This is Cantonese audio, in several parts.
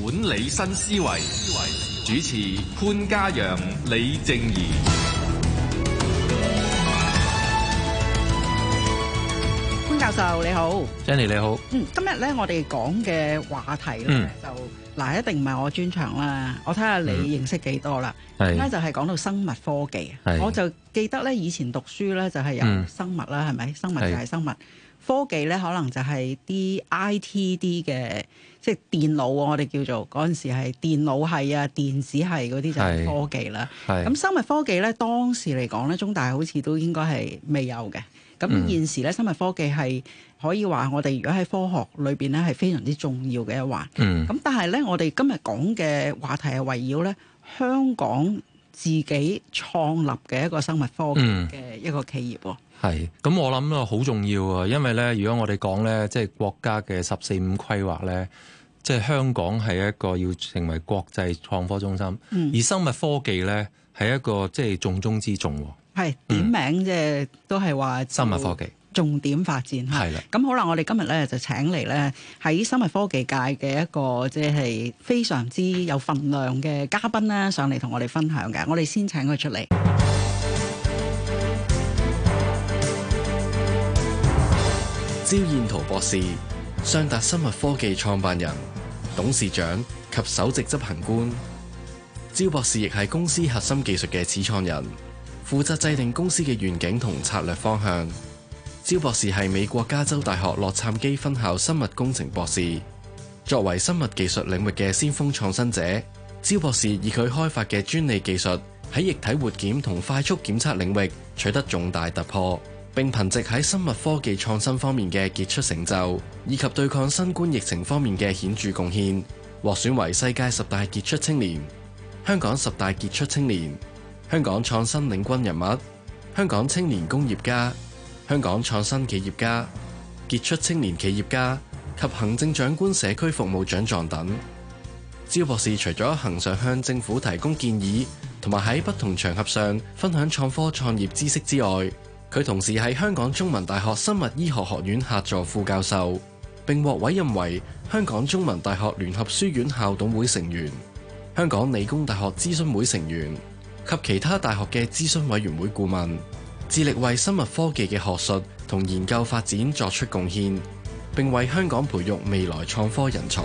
管理新思維，主持潘嘉陽、李靜宜。潘教授你好，Jenny 你好。嗯，今日咧我哋講嘅話題咧、嗯、就嗱，一定唔係我專長啦。我睇下你認識幾多啦。而家、嗯、就係講到生物科技，嗯、我就記得咧以前讀書咧就係有生物啦，係咪、嗯？生物就係生物。嗯科技咧可能就係啲 IT 啲嘅，即係電腦、啊，我哋叫做嗰陣時係電腦系啊，電子系嗰啲就係科技啦。咁是 生物科技呢，當時嚟講呢，中大好似都應該係未有嘅。咁現時呢，生物科技係可以話我哋如果喺科學裏邊呢，係非常之重要嘅一環。咁是、嗯、但係呢，我哋今日講嘅話題係圍繞呢，香港自己創立嘅一個生物科技嘅一個企業。嗯嗯。係，咁我諗咧好重要啊，因為咧，如果我哋講咧，即係國家嘅十四五規劃咧，即係香港係一個要成為國際創科中心，嗯、而生物科技咧係一個即係重中之重。係點名即係、嗯、都係話生物科技重點發展吓。係啦，咁好啦，我哋今日咧就請嚟咧喺生物科技界嘅一個即係非常之有份量嘅嘉賓咧上嚟同我哋分享嘅，我哋先請佢出嚟。招彥燾博士，相達生物科技創辦人、董事長及首席執行官。招博士亦係公司核心技術嘅始創人，負責制定公司嘅願景同策略方向。招博士係美國加州大學洛杉磯分校生物工程博士，作為生物技術領域嘅先鋒創新者，招博士以佢開發嘅專利技術喺液體活檢同快速檢測領域取得重大突破並憑借喺生物科技創新方面嘅傑出成就，以及對抗新冠疫情方面嘅顯著貢獻，獲選為世界十大傑出青年、香港十大傑出青年、香港創新領軍人物、香港青年工業家、香港創新企業家、傑出青年企業家及行政長官社區服務獎狀等。招博士除咗恆常向政府提供建議，同埋喺不同場合上分享創科創業知識之外，佢同時係香港中文大學生物醫學學院客座副教授，並獲委任為香港中文大學聯合書院校董會成員、香港理工大學諮詢會成員及其他大學嘅諮詢委員會顧問，致力為生物科技嘅學術同研究發展作出貢獻，並為香港培育未來創科人才。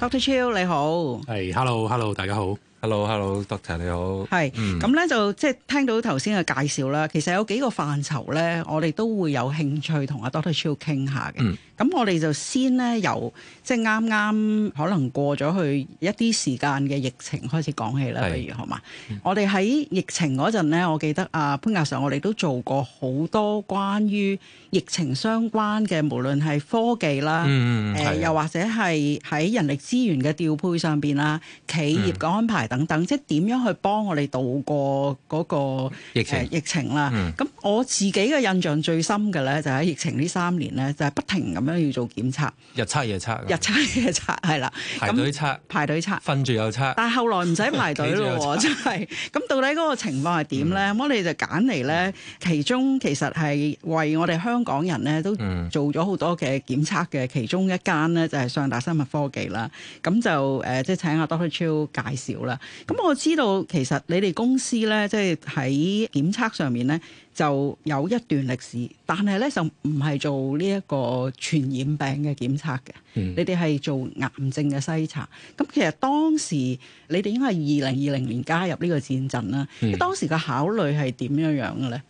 Dr. Chiu 你好，係。Hey，Hello，Hello，大家好。Hello，Hello，Doctor，你好。係是，咁咧、嗯、就即係聽到頭先嘅介紹啦。其實有幾個範疇咧，我哋都會有興趣同阿 Doctor Chiu 傾下嘅。咁、嗯、我哋就先咧由即係啱啱可能過咗去一啲時間嘅疫情開始講起啦。譬如好嘛，嗯、我哋喺疫情嗰陣咧，我記得阿、啊、潘教授，我哋都做過好多關於疫情相關嘅，無論係科技啦，誒、嗯呃、又或者係喺人力資源嘅調配上邊啦，企業嘅安排、嗯。嗯等等，即係點樣去幫我哋渡過嗰個疫情疫情啦。咁我自己嘅印象最深嘅咧，就喺疫情呢三年咧，就係不停咁樣要做檢測，日測夜測，日測夜測係啦，排隊測，排隊測，瞓住又測。但係後來唔使排隊咯喎，真係。咁到底嗰個情況係點咧？我哋就揀嚟咧，其中其實係為我哋香港人咧都做咗好多嘅檢測嘅，其中一間咧就係相達生物科技啦。咁就誒，即係請阿 Doctor Chiu 介紹啦。咁我知道，其實你哋公司呢，即係喺檢測上面呢，就有一段歷史。但係呢，就唔係做呢一個傳染病嘅檢測嘅，嗯、你哋係做癌症嘅篩查。咁其實當時你哋應該係二零二零年加入呢個戰陣啦。嗯、當時嘅考慮係點樣樣嘅呢？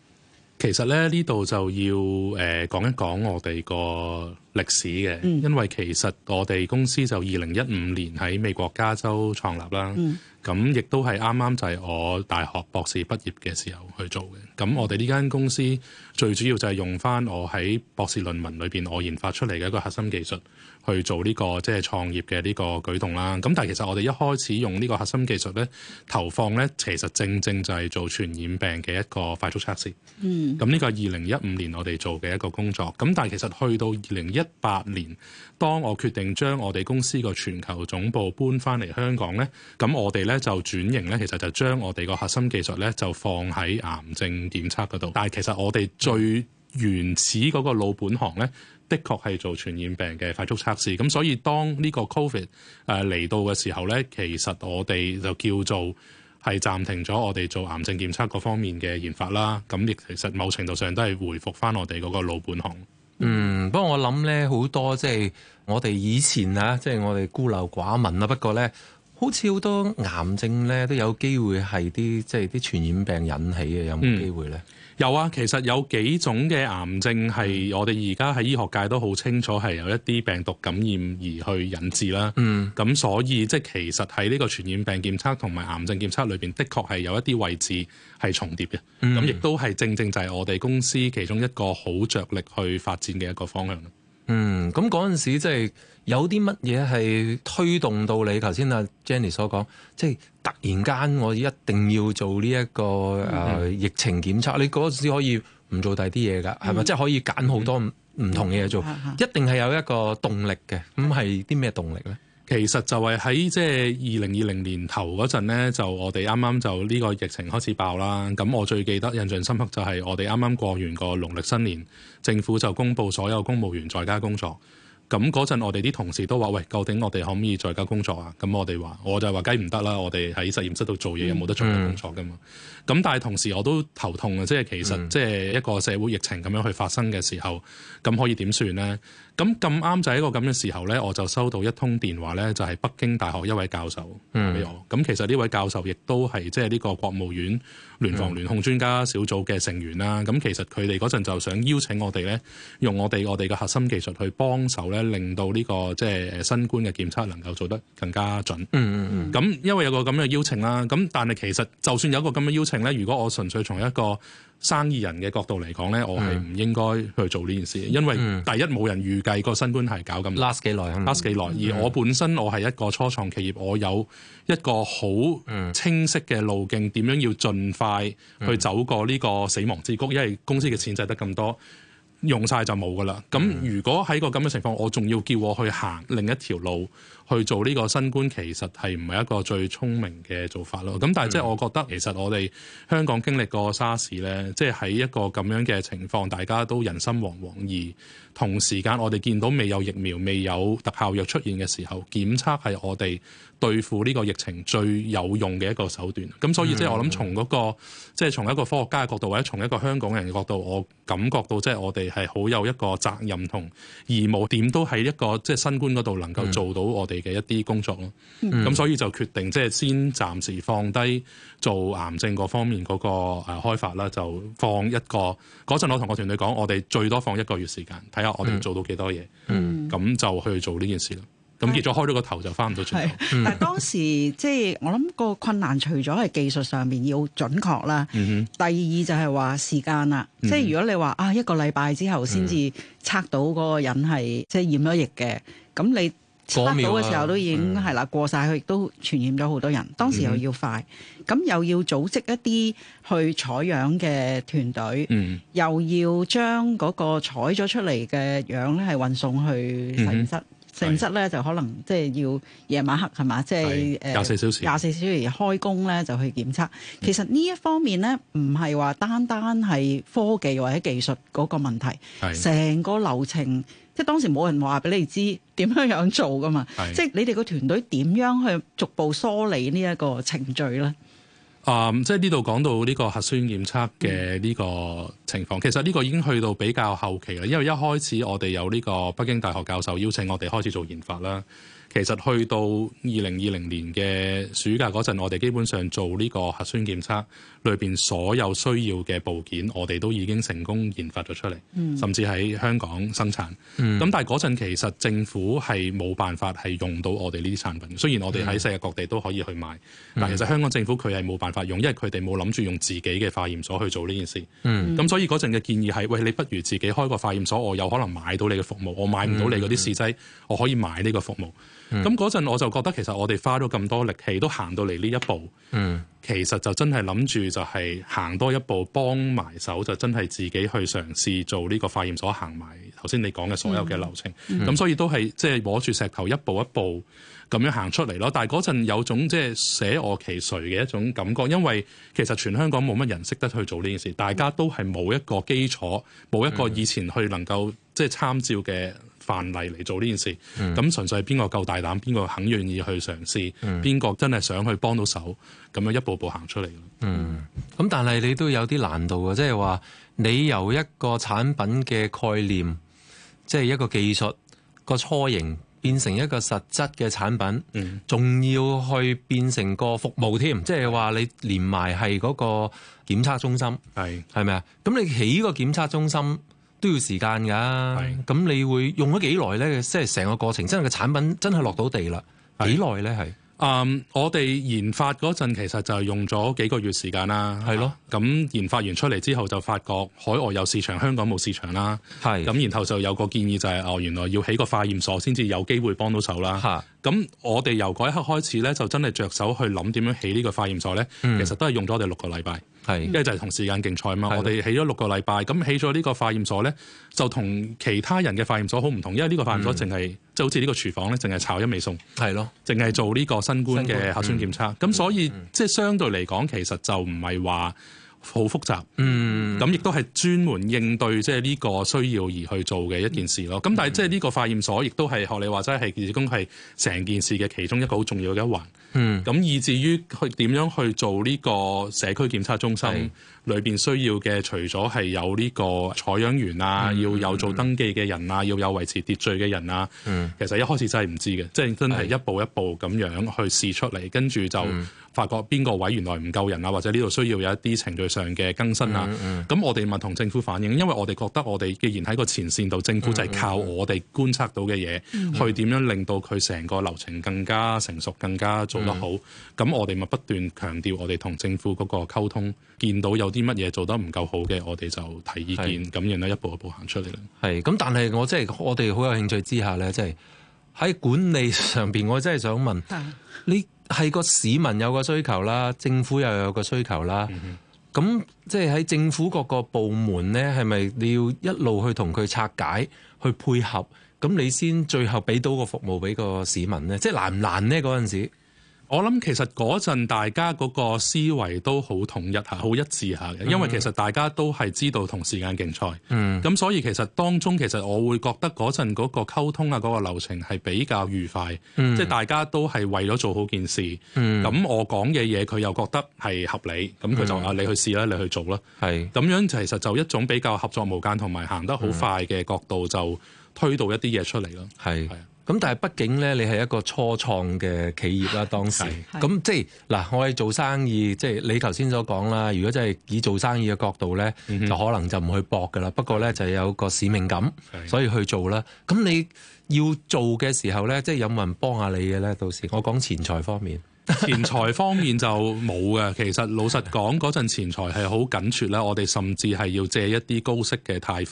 其實呢呢度就要誒講一講我哋個歷史嘅，嗯、因為其實我哋公司就二零一五年喺美國加州創立啦。嗯咁亦都係啱啱就係我大學博士畢業嘅時候去做嘅。咁我哋呢間公司，最主要就係用翻我喺博士論文裏邊我研發出嚟嘅一個核心技術去做呢個即係創業嘅呢個舉動啦。咁但係其實我哋一開始用呢個核心技術咧投放咧，其實正正就係做傳染病嘅一個快速測試。嗯。咁呢個係二零一五年我哋做嘅一個工作。咁但係其實去到二零一八年，當我決定將我哋公司個全球總部搬翻嚟香港咧，咁我哋咧就轉型咧，其實就將我哋個核心技術咧就放喺癌症檢測嗰度。但係其實我哋。最原始嗰個老本行呢，的確係做傳染病嘅快速測試，咁所以當呢個 Covid 誒嚟到嘅時候呢，其實我哋就叫做係暫停咗我哋做癌症檢測嗰方面嘅研發啦。咁亦其實某程度上都係回復返我哋嗰個老本行。嗯、就是就是，不過我諗呢，好多即係我哋以前啊，即係我哋孤陋寡聞啦。不過呢，好似好多癌症呢，都有機會係啲即係啲傳染病引起嘅，有冇機會呢？嗯有啊，其實有幾種嘅癌症係我哋而家喺醫學界都好清楚係由一啲病毒感染而去引致啦。嗯。咁所以即係其實喺呢個傳染病檢測同埋癌症檢測裏邊，的確係有一啲位置係重疊嘅。咁亦都係正正就係我哋公司其中一個好着力去發展嘅一個方向。嗯，咁嗰陣時即係有啲乜嘢係推動到你？頭先阿 Jenny 所講，即係突然間我一定要做呢一個誒，嗯，疫情檢測，你嗰陣時可以唔做第二啲嘢㗎，係咪？嗯，即係可以揀好多唔同嘅嘢做，嗯，一定係有一個動力嘅。咁係啲咩動力咧？其實就係喺即係二零二零年頭嗰陣呢，就我哋啱啱就呢個疫情開始爆啦。咁我最記得印象深刻就係我哋啱啱過完個農曆新年，政府就公布所有公務員在家工作。咁嗰陣，我哋啲同事都話，喂，究竟我哋可唔可以在家工作啊？咁我哋話，我就話梗唔得啦！我哋喺實驗室度做嘢，有冇、嗯、得在家工作噶嘛。咁、嗯、但係同時，我都頭痛啊！即係其實，嗯、即係一個社會疫情咁樣去發生嘅時候，咁可以點算呢？咁咁啱就喺一個咁嘅時候呢，我就收到一通電話呢，就係、是、北京大學一位教授俾我咁、嗯、其實呢位教授亦都係即係呢個國務院聯防聯控專家小組嘅成員啦。咁、嗯嗯、其實佢哋嗰陣就想邀請我哋呢，用我哋我哋嘅核心技術去幫手咧。令到呢、這個即係新冠嘅檢測能夠做得更加準。嗯嗯嗯。咁、嗯、因為有個咁嘅邀請啦。咁但係其實就算有個咁嘅邀請呢，如果我純粹從一個生意人嘅角度嚟講呢，嗯、我係唔應該去做呢件事。因為第一冇、嗯、人預計個新冠係搞咁 last 幾耐，last、嗯、幾耐。而我本身、嗯、我係一個初創企業，我有一個好清晰嘅路徑，點樣要盡快去走過呢個死亡之谷，因為公司嘅錢就得咁多。用晒就冇噶啦，咁如果喺個咁嘅情況，我仲要叫我去行另一條路。去做呢個新冠其實係唔係一個最聰明嘅做法咯？咁但係即係我覺得其實我哋香港經歷過沙士咧，即係喺一個咁樣嘅情況，大家都人心惶惶，而同時間我哋見到未有疫苗、未有特效藥出現嘅時候，檢測係我哋對付呢個疫情最有用嘅一個手段。咁、mm hmm. 所以、嗰個、即係我諗從嗰個即係從一個科學家嘅角度，或者從一個香港人嘅角度，我感覺到即係我哋係好有一個責任同義務，點都喺一個即係新冠嗰度能夠做到我哋。嘅一啲工作咯，咁、嗯、所以就決定即係先暫時放低做癌症嗰方面嗰個誒開發啦，就放一個嗰陣，我同個團隊講，我哋最多放一個月時間，睇下我哋做到幾多嘢，咁、嗯、就去做呢件事咯。咁是結咗開咗個頭就翻唔到轉。但係當時即係我諗個困難，除咗係技術上面要準確啦， 第二就係話時間啦。嗯、即係如果你話啊一個禮拜之後先至測到嗰個人係即係驗咗疫嘅，咁、嗯、你。檢測到嘅時候都已經係啦，的過晒去亦都傳染咗好多人。當時又要快，咁又要組織一啲去採樣嘅團隊，又要將嗰個採咗出嚟嘅樣咧，係運送去實驗室。實驗室咧就可能即係要夜晚黑係嘛，即係誒廿四小時廿四小時開工咧就去檢測。其實呢一方面咧，唔係話單單係科技或者技術嗰個問題，成的個流程。即係當時冇人話俾你知點樣樣做噶嘛？是即係你哋個團隊點樣去逐步梳理呢一個程序呢？啊、嗯，即係呢度講到呢個核酸檢測嘅呢個情況，嗯、其實呢個已經去到比較後期啦。因為一開始我哋有呢個北京大學教授邀請我哋開始做研發啦。其實去到二零二零年嘅暑假嗰陣，我哋基本上做呢個核酸檢測。裏邊所有需要嘅部件，我哋都已經成功研發咗出嚟，甚至喺香港生產。咁、嗯、但係嗰陣其實政府係冇辦法係用到我哋呢啲產品。雖然我哋喺世界各地都可以去買，嗯、但係其實香港政府佢係冇辦法用，因為佢哋冇諗住用自己嘅化驗所去做呢件事。咁、嗯、所以嗰陣嘅建議係喂，你不如自己開個化驗所，我有可能買到你嘅服務，我買唔到你嗰啲試劑，嗯、我可以買呢個服務。咁嗰陣我就覺得其實我哋花咗咁多力氣都行到嚟呢一步，嗯、其實就真係諗住。就係行多一步，幫埋手就真係自己去嘗試做呢個化驗所，行埋頭先，你講嘅所有嘅流程，咁、mm hmm。所以都係即係摸住石頭一步一步咁樣行出嚟咯。但係嗰陣有種即係舍我其誰嘅一種感覺，因為其實全香港冇乜人識得去做呢件事，大家都係冇一個基礎，冇一個以前去能夠即係參照嘅範例嚟做呢件事，咁、嗯、純粹係邊個夠大膽，邊個肯願意去嘗試，邊個、嗯、真係想去幫到手，咁樣一步步行出嚟。嗯，咁但係你都有啲難度嘅，即係話你由一個產品嘅概念，即、就、係、是、一個技術個雛形變成一個實質嘅產品，仲、嗯、要去變成個服務添，即係話你連埋係嗰個檢測中心，係係咪啊？咁你起個檢測中心。都要時間㗎，咁是你會用咗幾耐呢？即係成個過程真，真係個產品真係落到地啦，幾耐是呢？係，um, 我哋研發嗰陣其實就係用咗幾個月時間啦。係咯的，咁研發完出嚟之後就發覺海外有市場，香港冇市場啦。係是，咁然後就有個建議就係、是、哦，原來要起個化驗所先至有機會幫到手啦。係的，咁我哋由嗰一刻開始呢，就真係着手去諗點樣起呢個化驗所呢。嗯、其實都係用咗我哋六個禮拜。係，因為就係同時間競賽嘛，的我哋起咗六個禮拜，咁起咗呢個化驗所咧，就同其他人嘅化驗所好唔同，因為呢個化驗所淨係即係好似呢個廚房咧，淨係炒一味餸，係咯的，淨係做呢個新冠嘅核酸檢測，咁、嗯、所以、嗯、即係相對嚟講，其實就唔係話好複雜，咁亦都係專門應對即係呢個需要而去做嘅一件事咯。咁、嗯、但係即係呢個化驗所，亦都係學你話齋係其工，係成件事嘅其中一個好重要嘅一環。咁、嗯、以至於去點樣去做呢個社區檢測中心是裏邊需要嘅，除咗係有呢個採樣員啊，要有做登記嘅人啊，嗯、要有維持秩序嘅人啊，嗯、其實一開始真係唔知嘅，嗯、即係真係一步一步咁樣去試出嚟，跟住是就。嗯發覺邊個位原來唔夠人啊，或者呢度需要有一啲程序上嘅更新啊。咁、嗯嗯、我哋咪同政府反映，因為我哋覺得我哋既然喺個前線度，政府就係靠我哋觀測到嘅嘢，嗯、去點樣令到佢成個流程更加成熟、更加做得好。咁、嗯、我哋咪不斷強調我哋同政府嗰個溝通，見到有啲乜嘢做得唔夠好嘅，我哋就提意見，咁樣是一步一步行出嚟啦。係，咁但係我真係、即係、我哋好有興趣之下呢，即係喺管理上邊，我真係想問你。係個市民有個需求啦，政府又有個需求啦。咁、嗯、哼即係喺政府各個部門呢，係咪你要一路去同佢拆解、去配合？咁你先最後俾到個服務俾個市民呢，即係難唔難呢？嗰陣時？我諗其實嗰陣大家嗰個思維都好統一吓，好一致吓嘅，因為其實大家都係知道同時間競賽，咁、嗯、所以其實當中其實我會覺得嗰陣嗰個溝通啊嗰、嗰個流程係比較愉快，嗯、即係大家都係為咗做好件事，咁、嗯、我講嘅嘢佢又覺得係合理，咁佢就話、嗯、你去試啦，你去做啦，咁是樣其實就一種比較合作無間同埋行得好快嘅角度就推到一啲嘢出嚟咯，係是。咁但係畢竟咧，你係一個初創嘅企業啦，當時咁即係嗱，我哋做生意即係、就是、你頭先所講啦。如果真係以做生意嘅角度咧，嗯、哼就可能就唔去搏噶啦。不過咧，就有一個使命感，是所以去做啦。咁你要做嘅時候咧，即係有冇人幫下你嘅咧？到時我講錢財方面。 錢財方面就冇嘅，其實老實講嗰陣錢財係好緊絀咧。我哋甚至係要借一啲高息嘅貸款，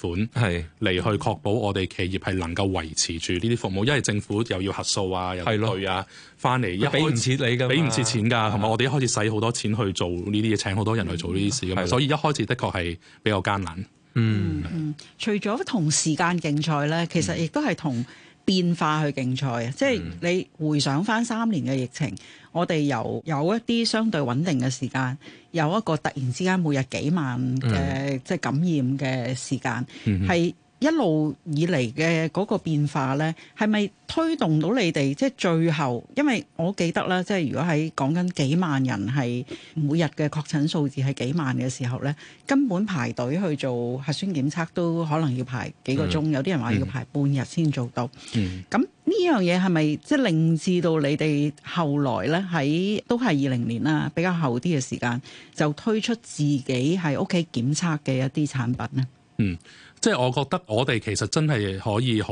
係嚟的去確保我哋企業係能夠維持住呢啲服務。因為政府又要核數啊，的又稅啊，翻嚟，一俾唔切你嘅，俾唔切錢㗎，同埋我哋一開始使好多錢去做呢啲嘢，請好多人去做呢啲事咁，的所以一開始的確係比較艱難。的嗯，嗯除咗同時間競賽咧，其實亦都係同。嗯變化去競賽啊！即係你回想返三年嘅疫情，我哋由有一啲相對穩定嘅時間，有一個突然之間每日幾萬嘅即係感染嘅時間，係。嗯一路以嚟嘅嗰個變化咧，係咪推動到你哋？即係最後，因為我記得啦，即係如果喺講緊幾萬人係每日嘅確診數字係幾萬嘅時候咧，根本排隊去做核酸檢測都可能要排幾個鐘，嗯、有啲人話要排半日先做到。嗯，咁呢樣嘢係咪即係令至到你哋後來咧，喺都係二零年啦，比較後啲嘅時間，就推出自己喺屋企檢測嘅一啲產品咧？嗯。即係我覺得，我哋其實真係可以好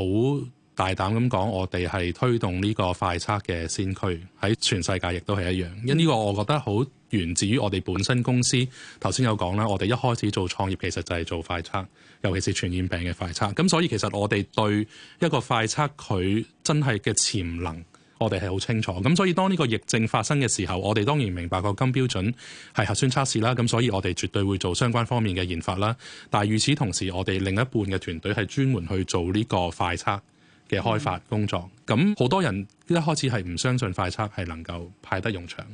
大膽咁講，我哋係推動呢個快測嘅先驅，喺全世界，亦都係一樣。因為呢個我覺得好源自於我哋本身公司，頭先有講啦，我哋一開始做創業其實就係做快測，尤其是傳染病嘅快測。咁所以其實我哋對一個快測，佢真係嘅潛能，我哋係好清楚，咁所以當呢個疫症發生嘅時候，我哋當然明白個金標準係核酸測試啦。咁所以我哋絕對會做相關方面嘅研發啦。但係與此同時，我哋另一半嘅團隊係專門去做呢個快測嘅開發工作。咁好多人一開始係唔相信快測係能夠派得用場。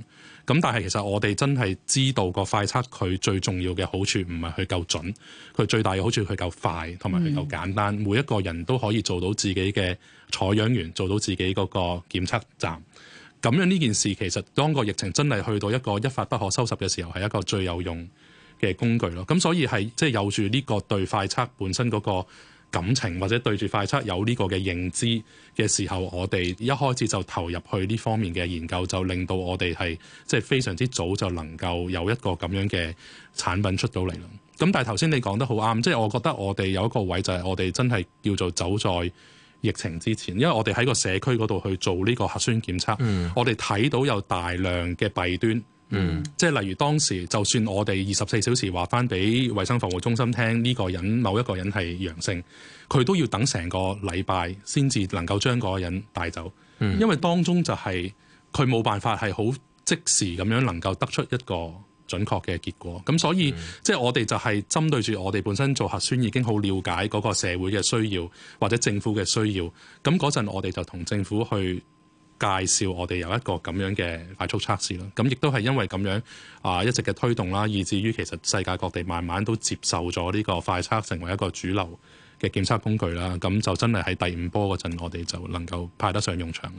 咁但係其實我哋真係知道個快測佢最重要嘅好處唔係佢夠準，佢最大嘅好處佢夠快同埋佢夠簡單，每一個人都可以做到自己嘅採樣員，做到自己嗰個檢測站，咁樣呢件事其實當個疫情真係去到一個一發不可收拾嘅時候，係一個最有用嘅工具咯。咁所以係即係有住呢個對快測本身嗰個。感情或者對住快測有呢個嘅認知嘅時候，我哋一開始就投入去呢方面嘅研究，就令到我哋係即係非常之早就能夠有一個咁樣嘅產品出到嚟啦。咁但係頭先你講得好啱，即係我覺得我哋有一個位就係我哋真係叫做走在疫情之前，因為我哋喺個社區嗰度去做呢個核酸檢測，我哋睇到有大量嘅弊端。嗯，即係例如當時，就算我哋二十四小時話翻俾衞生防護中心聽，呢、這個人某一個人係陽性，佢都要等成個禮拜先至能夠將嗰個人帶走，嗯、因為當中就係佢冇辦法係好即時咁樣能夠得出一個準確嘅結果。咁所以、嗯、即係我哋就係針對住我哋本身做核酸已經好了解嗰個社會嘅需要或者政府嘅需要，咁嗰陣我哋就同政府去，介紹我哋有一個咁樣嘅快速測試啦，咁亦都係因為咁樣啊、呃、一直嘅推動啦，以至於其實世界各地慢慢都接受咗呢個快測成為一個主流嘅檢測工具啦。咁就真係喺第五波嗰陣，我哋就能夠派得上用場。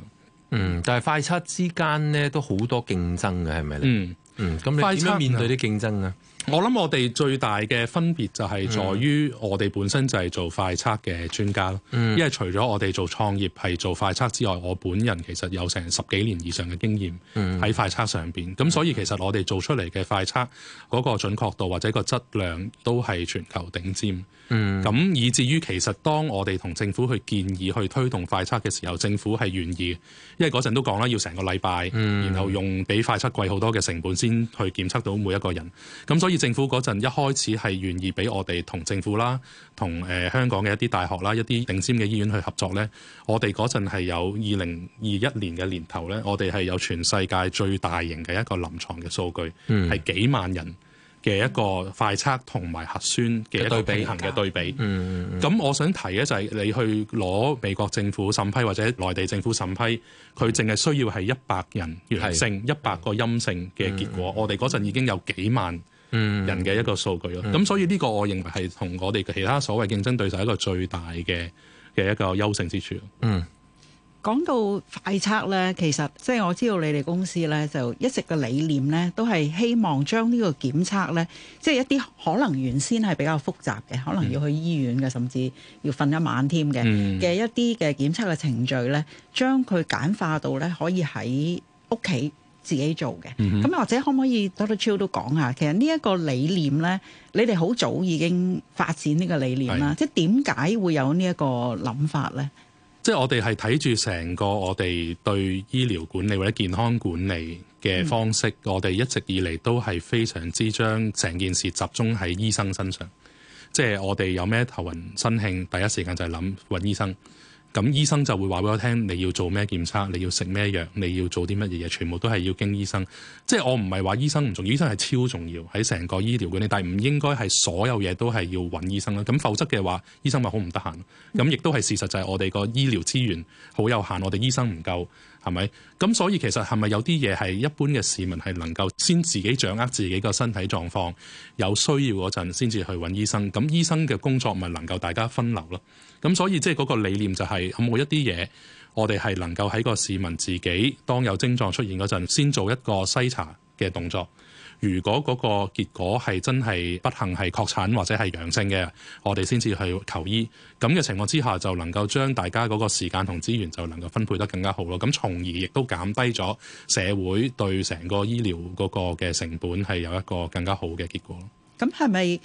嗯，但係快測之間呢，都好多競爭嘅，係咪咧？嗯嗯，咁、嗯、你點樣面對啲競爭啊？我諗我哋最大嘅分別就係在於我哋本身就係做快測嘅專家，嗯、因為除咗我哋做創業係做快測之外，我本人其實有成十幾年以上嘅經驗喺快測上邊，咁、嗯、所以其實我哋做出嚟嘅快測嗰個準確度或者個質量都係全球頂尖。咁、嗯、以至於其實當我哋同政府去建議去推動快測嘅時候，政府係願意，因為嗰陣都講啦，要成個禮拜，然後用比快測貴好多嘅成本先去檢測到每一個人，咁所以、嗯。政府嗰陣一開始係願意俾我哋同政府啦，同誒、呃、香港嘅一啲大學啦，一啲頂尖嘅醫院去合作咧。我哋嗰陣係有二零二一年嘅年頭咧，我哋係有全世界最大型嘅一個臨床嘅數據，係、嗯、幾萬人嘅一個快測同埋核酸嘅一個平行嘅對比。嗯，咁、嗯嗯、我想提咧就係你去攞美國政府審批或者內地政府審批，佢淨係需要係一百人陽是性，一百個陰性嘅結果。嗯嗯嗯嗯嗯、我哋嗰陣已經有幾萬。嗯，人嘅一個數據咯，咁所以呢個我認為係同我哋其他所謂競爭對手一個最大嘅嘅一個優勝之處。嗯，講到快測呢，其實即係我知道你哋公司呢，就一直嘅理念呢，都係希望將呢個檢測呢，即係一啲可能原先係比較複雜嘅，可能要去醫院嘅，甚至要瞓一晚添嘅嘅一啲嘅檢測嘅程序呢，將佢簡化到呢，可以喺屋企。自己做嘅，咁、mm hmm. 或者可唔可以 Doctor Chiu 都講下，其實呢一個理念咧，你哋好早已經發展呢個理念啦。的即係點解會有呢一個諗法咧？即係我哋係睇住成個我哋對醫療管理或者健康管理嘅方式，mm hmm. 我哋一直以嚟都係非常之將成件事集中喺醫生身上。即係我哋有咩頭暈身興，第一時間就係諗揾醫生。咁醫生就會話俾我聽，你要做咩檢測，你要食咩藥，你要做啲乜嘢嘢，全部都係要經醫生。即係我唔係話醫生唔重要，醫生係超重要喺成個醫療管理，但係唔應該係所有嘢都係要揾醫生啦。咁否則嘅話，醫生咪好唔得閒。咁亦都係事實就係我哋個醫療資源好有限，我哋醫生唔夠，係咪？咁所以其實係咪有啲嘢係一般嘅市民係能夠先自己掌握自己個身體狀況，有需要嗰陣先至去揾醫生。咁醫生嘅工作咪能夠大家分流咯。咁所以即係嗰個理念就係有冇一啲嘢，我哋係能夠喺個市民自己當有症狀出現嗰陣，先做一個篩查嘅動作。如果嗰個結果係真係不幸係確診或者係陽性嘅，我哋先至去求醫，咁嘅情況之下，就能夠將大家嗰個時間同資源，就能夠分配得更加好咯。咁從而亦都減低咗社會對成個醫療嗰個嘅成本係有一個更加好嘅結果。咁係咪？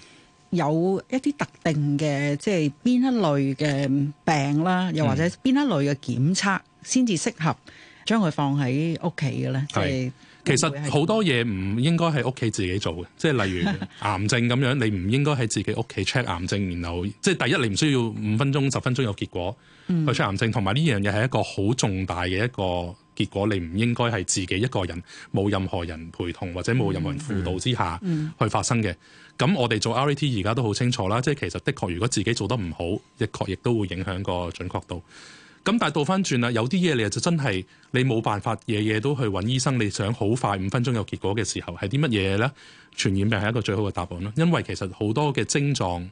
有一啲特定嘅，即係邊一類嘅病啦，又或者邊一類嘅檢測先至適合。將佢放喺屋企嘅咧，即是其實好多嘢唔應該係屋企自己做嘅，即係例如癌症咁樣， 你唔應該喺自己屋企 check 癌症，然後即係第一，你唔需要五分鐘、十分鐘有結果去 check 癌症，同埋呢樣嘢係一個好重大嘅一個結果，你唔應該係自己一個人冇任何人陪同或者冇任何人輔導之下去發生嘅。咁、嗯嗯、我哋做 RAT 而家都好清楚啦，即係其實的確，如果自己做得唔好，的確亦都會影響個準確度。咁但係倒翻轉啦，有啲嘢你就真係你冇辦法，夜夜都去揾醫生。你想好快五分鐘有結果嘅時候，係啲乜嘢呢？傳染病係一個最好嘅答案囉，因為其實好多嘅症狀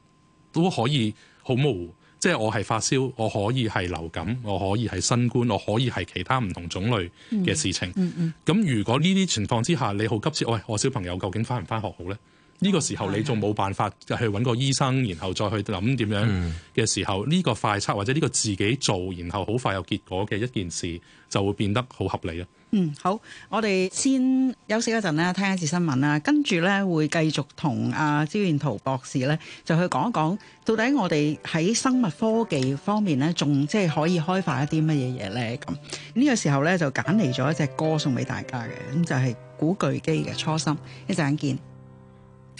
都可以好模糊，即係我係發燒，我可以係流感，我可以係新冠，我可以係其他唔同種類嘅事情。嗯嗯，咁如果呢啲情況之下，你好急切，喂、哎，我小朋友究竟翻唔翻學好呢？」呢個時候，你仲冇辦法去揾個醫生，然後再去諗點樣嘅時候，呢、嗯、個快測或者呢個自己做，然後好快有結果嘅一件事，就會變得好合理啊。嗯，好，我哋先休息一陣呢聽一次新聞啦，跟住咧會繼續同阿招彥燾博士咧就去講一講，到底我哋喺生物科技方面咧，仲即係可以開發一啲乜嘢嘢咧？咁、這、呢個時候咧就揀嚟咗一隻歌送俾大家嘅，咁就係、是、古巨基嘅《初心》，一陣間見。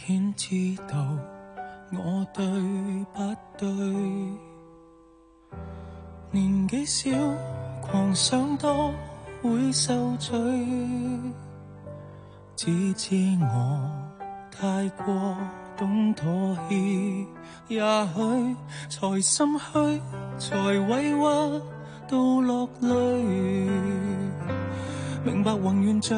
天知道我對不對？年紀小，狂想多，會受罪。只知我太過懂妥協，也許才心虛，才委屈到落淚。明白王院長。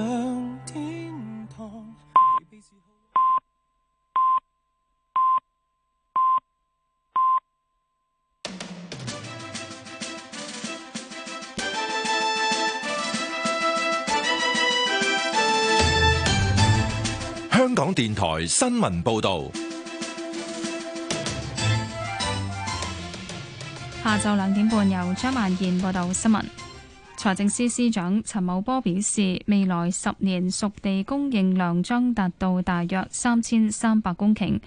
香港電台新聞報道，下晝兩點半由張萬燕報道新聞。財政司司長陳茂波表示，未來十年熟地供應量將達到大約三千三百公頃，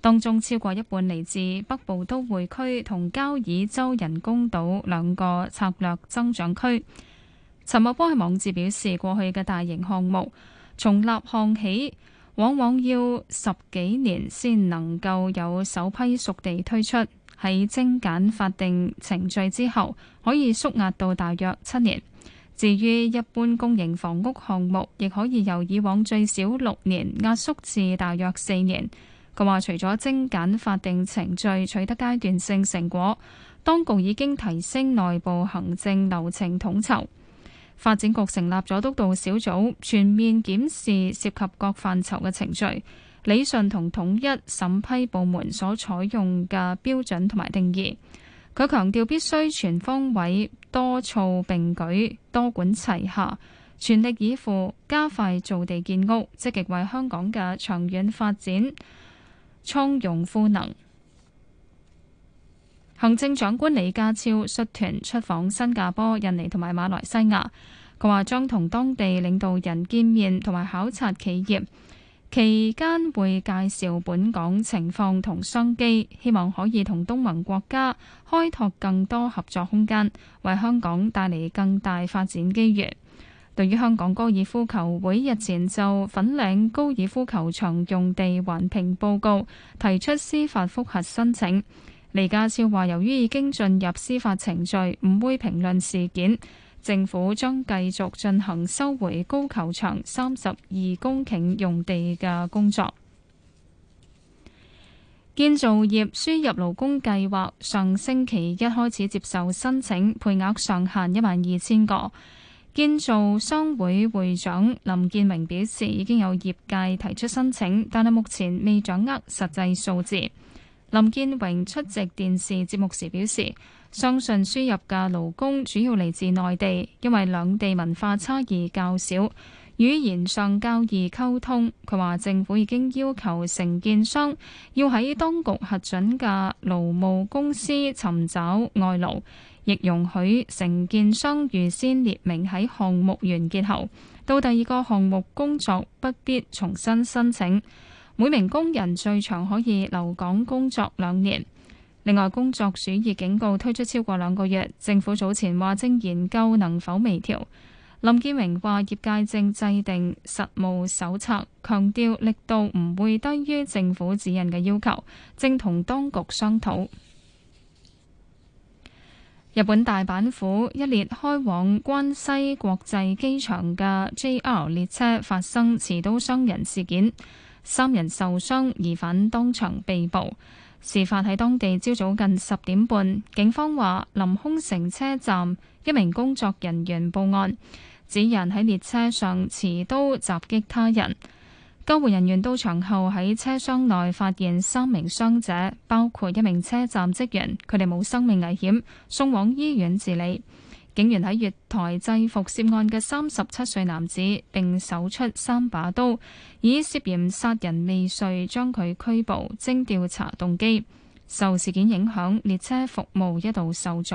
當中超過一半嚟自北部都會區同交椅洲人工島兩個策略增長區。陳茂波喺網誌表示，過去嘅大型項目從立項起。往往要十幾年先能夠有首批熟地推出，喺精簡法定程序之後，可以縮壓到大約七年。至於一般公營房屋項目，亦可以由以往最少六年壓縮至大約四年。佢話，除咗精簡法定程序取得階段性成果，當局已經提升內部行政流程統籌。發展局成立咗督導小組，全面檢視涉及各範疇嘅程序，理順同統一審批部門所採用嘅標準同埋定義。佢強調必須全方位、多措並舉、多管齊下，全力以赴加快造地建屋，積極為香港嘅長遠發展充容賦能。行政長官李家超率團出訪新加坡、印尼同埋馬來西亞。佢話將同當地領導人見面，同埋考察企業。期間會介紹本港情況同商機，希望可以同東盟國家開拓更多合作空間，為香港帶嚟更大發展機遇。對於香港高爾夫球會日前就粉嶺高爾夫球場用地環評報告提出司法覆核申請。李家超話：由於已經進入司法程序，唔會評論事件。政府將繼續進行收回高球場三十二公頃用地嘅工作。建造業輸入勞工計劃上星期一開始接受申請，配額上限一萬二千個。建造商會會長林建明表示，已經有業界提出申請，但係目前未掌握實際數字。林建榮出席電視節目時表示，相信輸入嘅勞工主要嚟自內地，因為兩地文化差異較少，語言上較易溝通。佢話政府已經要求承建商要喺當局核准嘅勞務公司尋找外勞，亦容許承建商預先列明喺項目完結後到第二個項目工作，不必重新申請。每名工人最長可以留港工作兩年。另外，工作暑熱警告推出超過兩個月。政府早前話正研究能否微調。林建榮話業界正制定實務手冊，強調力度唔會低於政府指引嘅要求，正同當局商討。日本大阪府一列開往關西國際機場嘅 JR 列車發生持刀傷人事件。三人受傷，疑犯當場被捕。事發喺當地朝早近十點半，警方話臨空城車站一名工作人員報案，指人喺列車上持刀襲擊他人。救護人員到場後喺車廂內發現三名傷者，包括一名車站職員，佢哋冇生命危險，送往醫院治理。警員喺月台制服涉案嘅三十七歲男子，並搜出三把刀。以涉嫌殺人未遂將佢拘捕，正調查動機。受事件影響，列車服務一度受阻。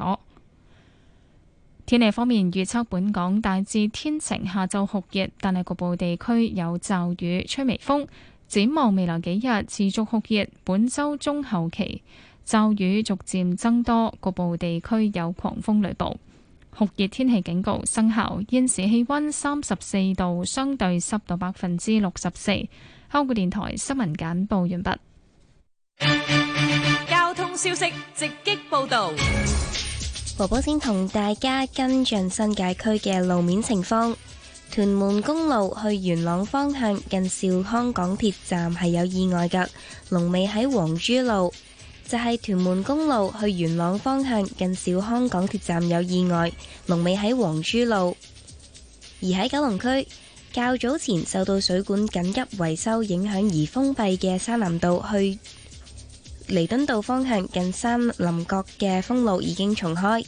天氣方面，預測，本港大致天晴，下晝酷熱，但係局部地區有驟雨，吹微風。展望未來幾日持續酷熱，本周中後期驟雨逐漸增多，局部地區有狂風雷暴。酷熱天氣警告生效，現時氣溫三十四度，相對濕度百分之六十四。香港電台新聞簡報完畢。交通消息直擊報道，寶寶先同大家跟進新界區嘅路面情況。屯門公路去元朗方向近兆康港鐵站係有意外嘅，龍尾喺黃珠路。就係屯門公路去元朗方向近小康港鐵站有意外，龍尾喺黃珠路；而喺九龍區較早前受到水管緊急維修影響而封閉嘅山林道去彌敦道方向近山林角嘅封路已經重開。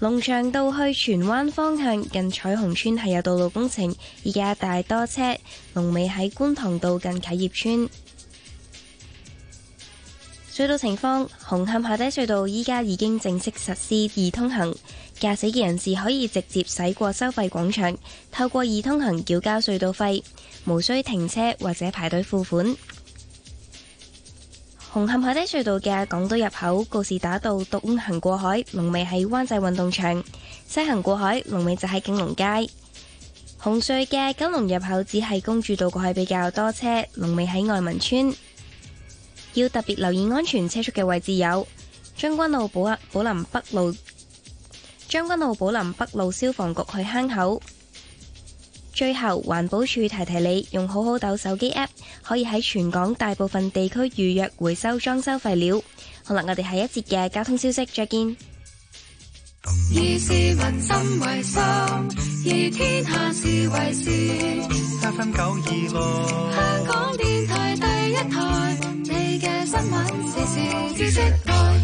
龍翔道去荃灣方向近彩虹村係有道路工程，而家大多車，龍尾喺觀塘道近啟業村。隧道情況，紅磡海底隧道依家，已經正式實施易通行，駕駛嘅人士可以直接駛過收費廣場，透過易通行繳交隧道費，無需停車或者排隊付款。紅磡海底隧道嘅港島入口告士打道東行過海，龍尾喺灣仔運動場；西行過海，龍尾就喺景隆街。紅隧嘅九龍入口只係公主道過去比較多車，龍尾喺外文村。要特別留意安全車速嘅位置有將軍澳寶林北路、將軍澳寶林北路消防局去坑口。最後環保署提提你，用好好斗手機 app 可以喺全港大部分地區預約回收裝修廢料。好啦，我哋下一節嘅交通消息，再見。 以市民心為心，以天下事為事。七分九二六，香港電台第一台，你嘅新聞時事知識台。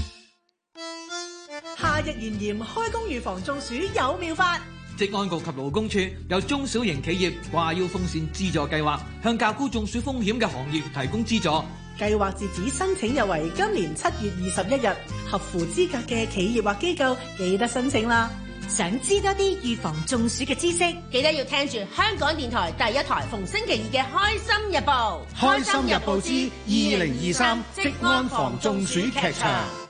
夏日炎炎，開工預防中暑有妙法。職安局及勞工處有中小型企業掛腰風扇資助計劃，向較高中暑風險嘅行業提供資助。計劃截止申請日為今年七月二十一日，合乎資格嘅企業或機構記得申請啦。想知多啲預防中暑嘅知識，記得要聽住香港電台第一台逢星期二嘅《開心日報》。開心日報之二零二三即安防中暑劇場。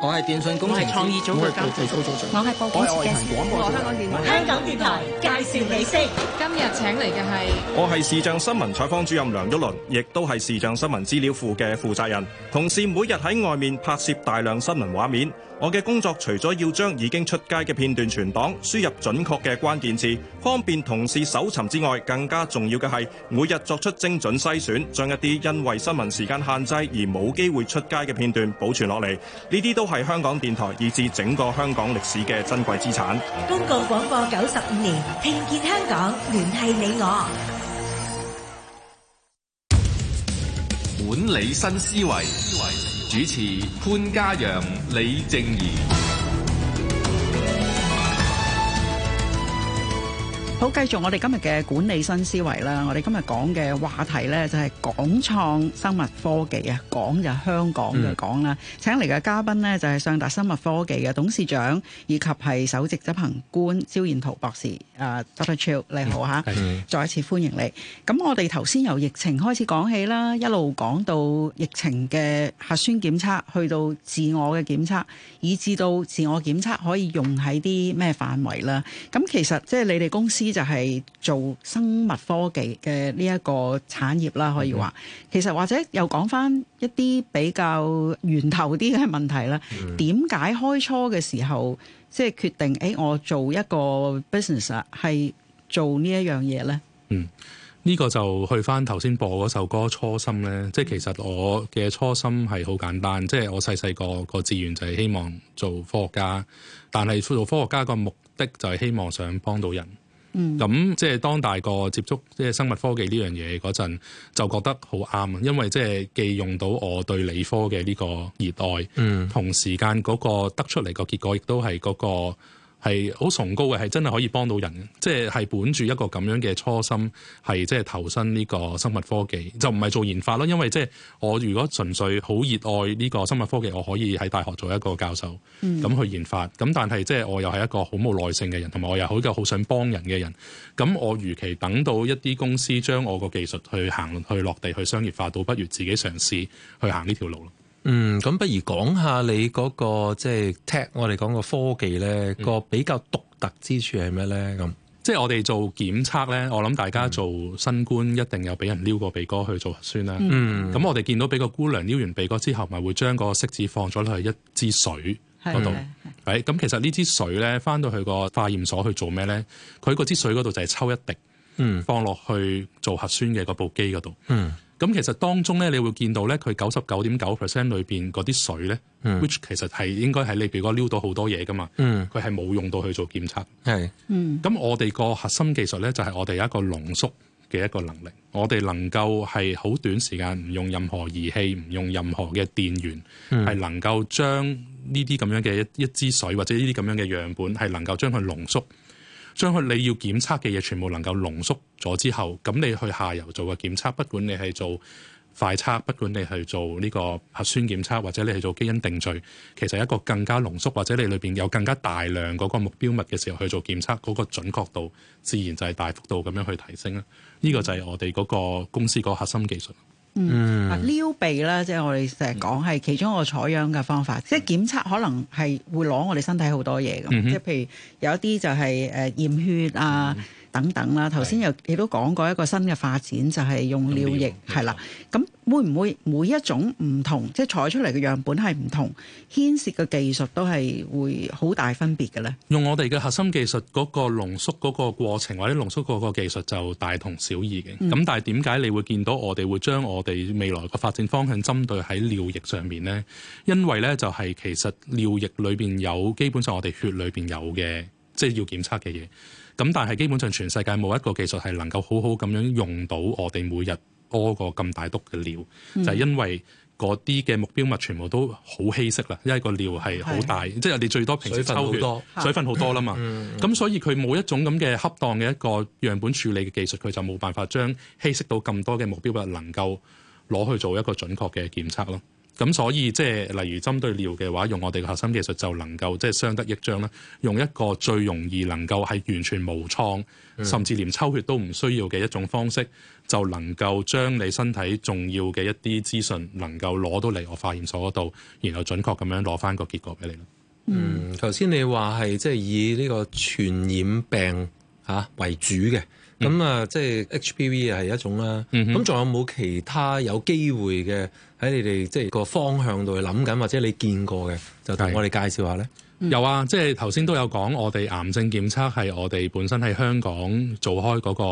我係電信公司創意組嘅記者，我係嘅香港電香港電台介紹你先。今日請嚟嘅係我係視像新聞採訪主任梁郁倫，亦都係視像新聞資料庫嘅負責人，同事每日喺外面拍攝大量新聞畫面。我嘅工作除咗要將已經出街嘅片段存檔、輸入準確嘅關鍵字，方便同事搜尋之外，更加重要嘅係每日作出精準篩選，將一啲因為新聞時間限制而冇機會出街嘅片段保存落嚟。呢啲都係香港電台以至整個香港歷史嘅珍貴資產。公共廣播九十五年，聽見香港，聯繫你我。管理新思維。思維。主持潘嘉陽、李靜宜。好，繼續我哋今日嘅管理新思維啦。我哋今日講嘅話題呢，就係、是、港創生物科技啊，港就香港嘅港啦。嗯、請嚟嘅嘉賓呢，就係、是、相達生物科技嘅董事長以及係首席執行官招彥燾博士。Uh, Doctor Chiu 誒，W，你好嚇，嗯、再一次歡迎你。咁我哋頭先由疫情開始講起啦，一路講到疫情嘅核酸檢測，去到自我嘅檢測，以至到自我檢測可以用喺啲咩範圍啦。咁其實即係你哋公司，就係做生物科技嘅呢一個產業啦，可以話，嗯、其實或者又講翻一啲比較源頭啲嘅問題啦。點解、嗯、開初嘅時候，即、就、係、是、決定誒、欸，我做一個 business 啊，係做呢一樣嘢咧？嗯，呢、呢個就去翻頭先播嗰首歌初心咧，即係其實我嘅初心係好簡單，即係我細細個個志願就係希望做科學家，但係做科學家個目的就係希望想幫到人。咁即係當大個接觸即係生物科技呢樣嘢嗰陣，就覺得好啱啊！因為即係既用到我對理科嘅呢個熱愛，嗯、同時間嗰個得出嚟個結果，亦都係嗰個。係好崇高嘅，係真係可以幫到人，即係本住一個咁樣嘅初心，係即係投身呢個生物科技，就唔係做研發咯。因為即係我如果純粹好熱愛呢個生物科技，我可以喺大學做一個教授，咁去研發。咁但係即係我又係一個好冇耐性嘅人，同埋我又好夠好想幫人嘅人。咁我如期等到一啲公司將我個技術去行去落地去商業化，倒不如自己嘗試去行呢條路咯。嗯，咁不如講下你嗰、嗰個即係 Tech，我哋講個科技咧、嗯、個比較獨特之處係咩咧？咁即係我哋做檢測咧，我諗大家做新冠一定有俾人撩過鼻哥去做核酸啦。嗯，咁、嗯、我哋見到俾個姑娘撩完鼻哥之後，咪會將個拭子放咗落去一支水嗰度。係，咁的其實呢支水咧，翻到去個化驗所去做咩咧？佢個支水嗰度就係抽一滴，嗯，放落去做核酸嘅嗰部機嗰度，嗯。咁其實當中咧，你會見到咧，佢九十九點九 percent 裏邊嗰啲水咧、嗯、which 其實係應該係你譬如講濾到好多嘢噶嘛，佢係冇用到去做檢測。是嗯，咁我哋個核心技術咧，就係、是、我哋有一個濃縮嘅一個能力，我哋能夠係好短時間唔用任何儀器、唔用任何嘅電源，係、嗯、能夠將呢啲咁樣嘅一一支水或者呢啲咁樣嘅樣本，係能夠將佢濃縮。將佢你要檢測嘅嘢全部能夠濃縮咗之後，咁你去下游做個檢測，不管你係做快測，不管你係做呢個核酸檢測，或者你係做基因定序，其實一個更加濃縮或者你裏邊有更加大量嗰個目標物嘅時候去做檢測，嗰、那個準確度自然就係大幅度咁樣去提升啦。呢、這個就係我哋嗰個公司個核心技術。嗯，啊撩鼻啦，即係我哋成日講係其中一個採樣嘅方法，嗯、即係檢測可能係會攞我哋身體好多嘢咁，嗯、哼即係譬如有一啲就係、是、誒、呃、驗血啊。嗯等等啦，頭先又你都講過一個新嘅發展，就係用尿液係啦。咁會唔會每一種唔同，即係採出嚟嘅樣本係唔同，牽涉嘅技術都係會好大分別嘅咧？用我哋嘅核心技術嗰個濃縮嗰個過程，或者濃縮嗰個技術就大同小異嘅。咁、嗯、但係點解你會見到我哋會將我哋未來嘅發展方向針對喺尿液上面呢？因為呢，就係其實尿液裏邊有基本上我哋血裏邊有嘅，即係要檢測嘅嘢。咁但係基本上全世界冇一個技術係能夠好好咁樣用到我哋每日屙個咁大篤嘅尿，嗯、就係因為嗰啲嘅目標物全部都好稀釋啦，因為個尿係好大，是即係你最多平時抽，水分好多，水分好多啦嘛，咁、嗯、所以佢冇一種咁嘅恰當嘅一個樣本處理嘅技術，佢就冇辦法將稀釋到咁多嘅目標物能夠攞去做一個準確嘅檢測咯。咁所以即係例如針對尿嘅話，用我哋嘅核心技術，就能夠即係相得益彰啦。用一個最容易能夠係完全無創，嗯、甚至連抽血都唔需要嘅一種方式，就能夠將你身體重要嘅一啲資訊，能夠攞到嚟我化驗所嗰度，然後準確咁樣攞翻個結果俾你啦。嗯，頭先你話係即係以呢個傳染病吓、啊、為主嘅，咁啊即係 HPV 係一種啦。咁仲有冇其他有機會嘅？喺你哋即係個方向度去諗緊，或者你見過嘅，就同我哋介紹下咧。有啊，即係頭先都有講，我哋癌症檢測係我哋本身喺香港做開嗰、那個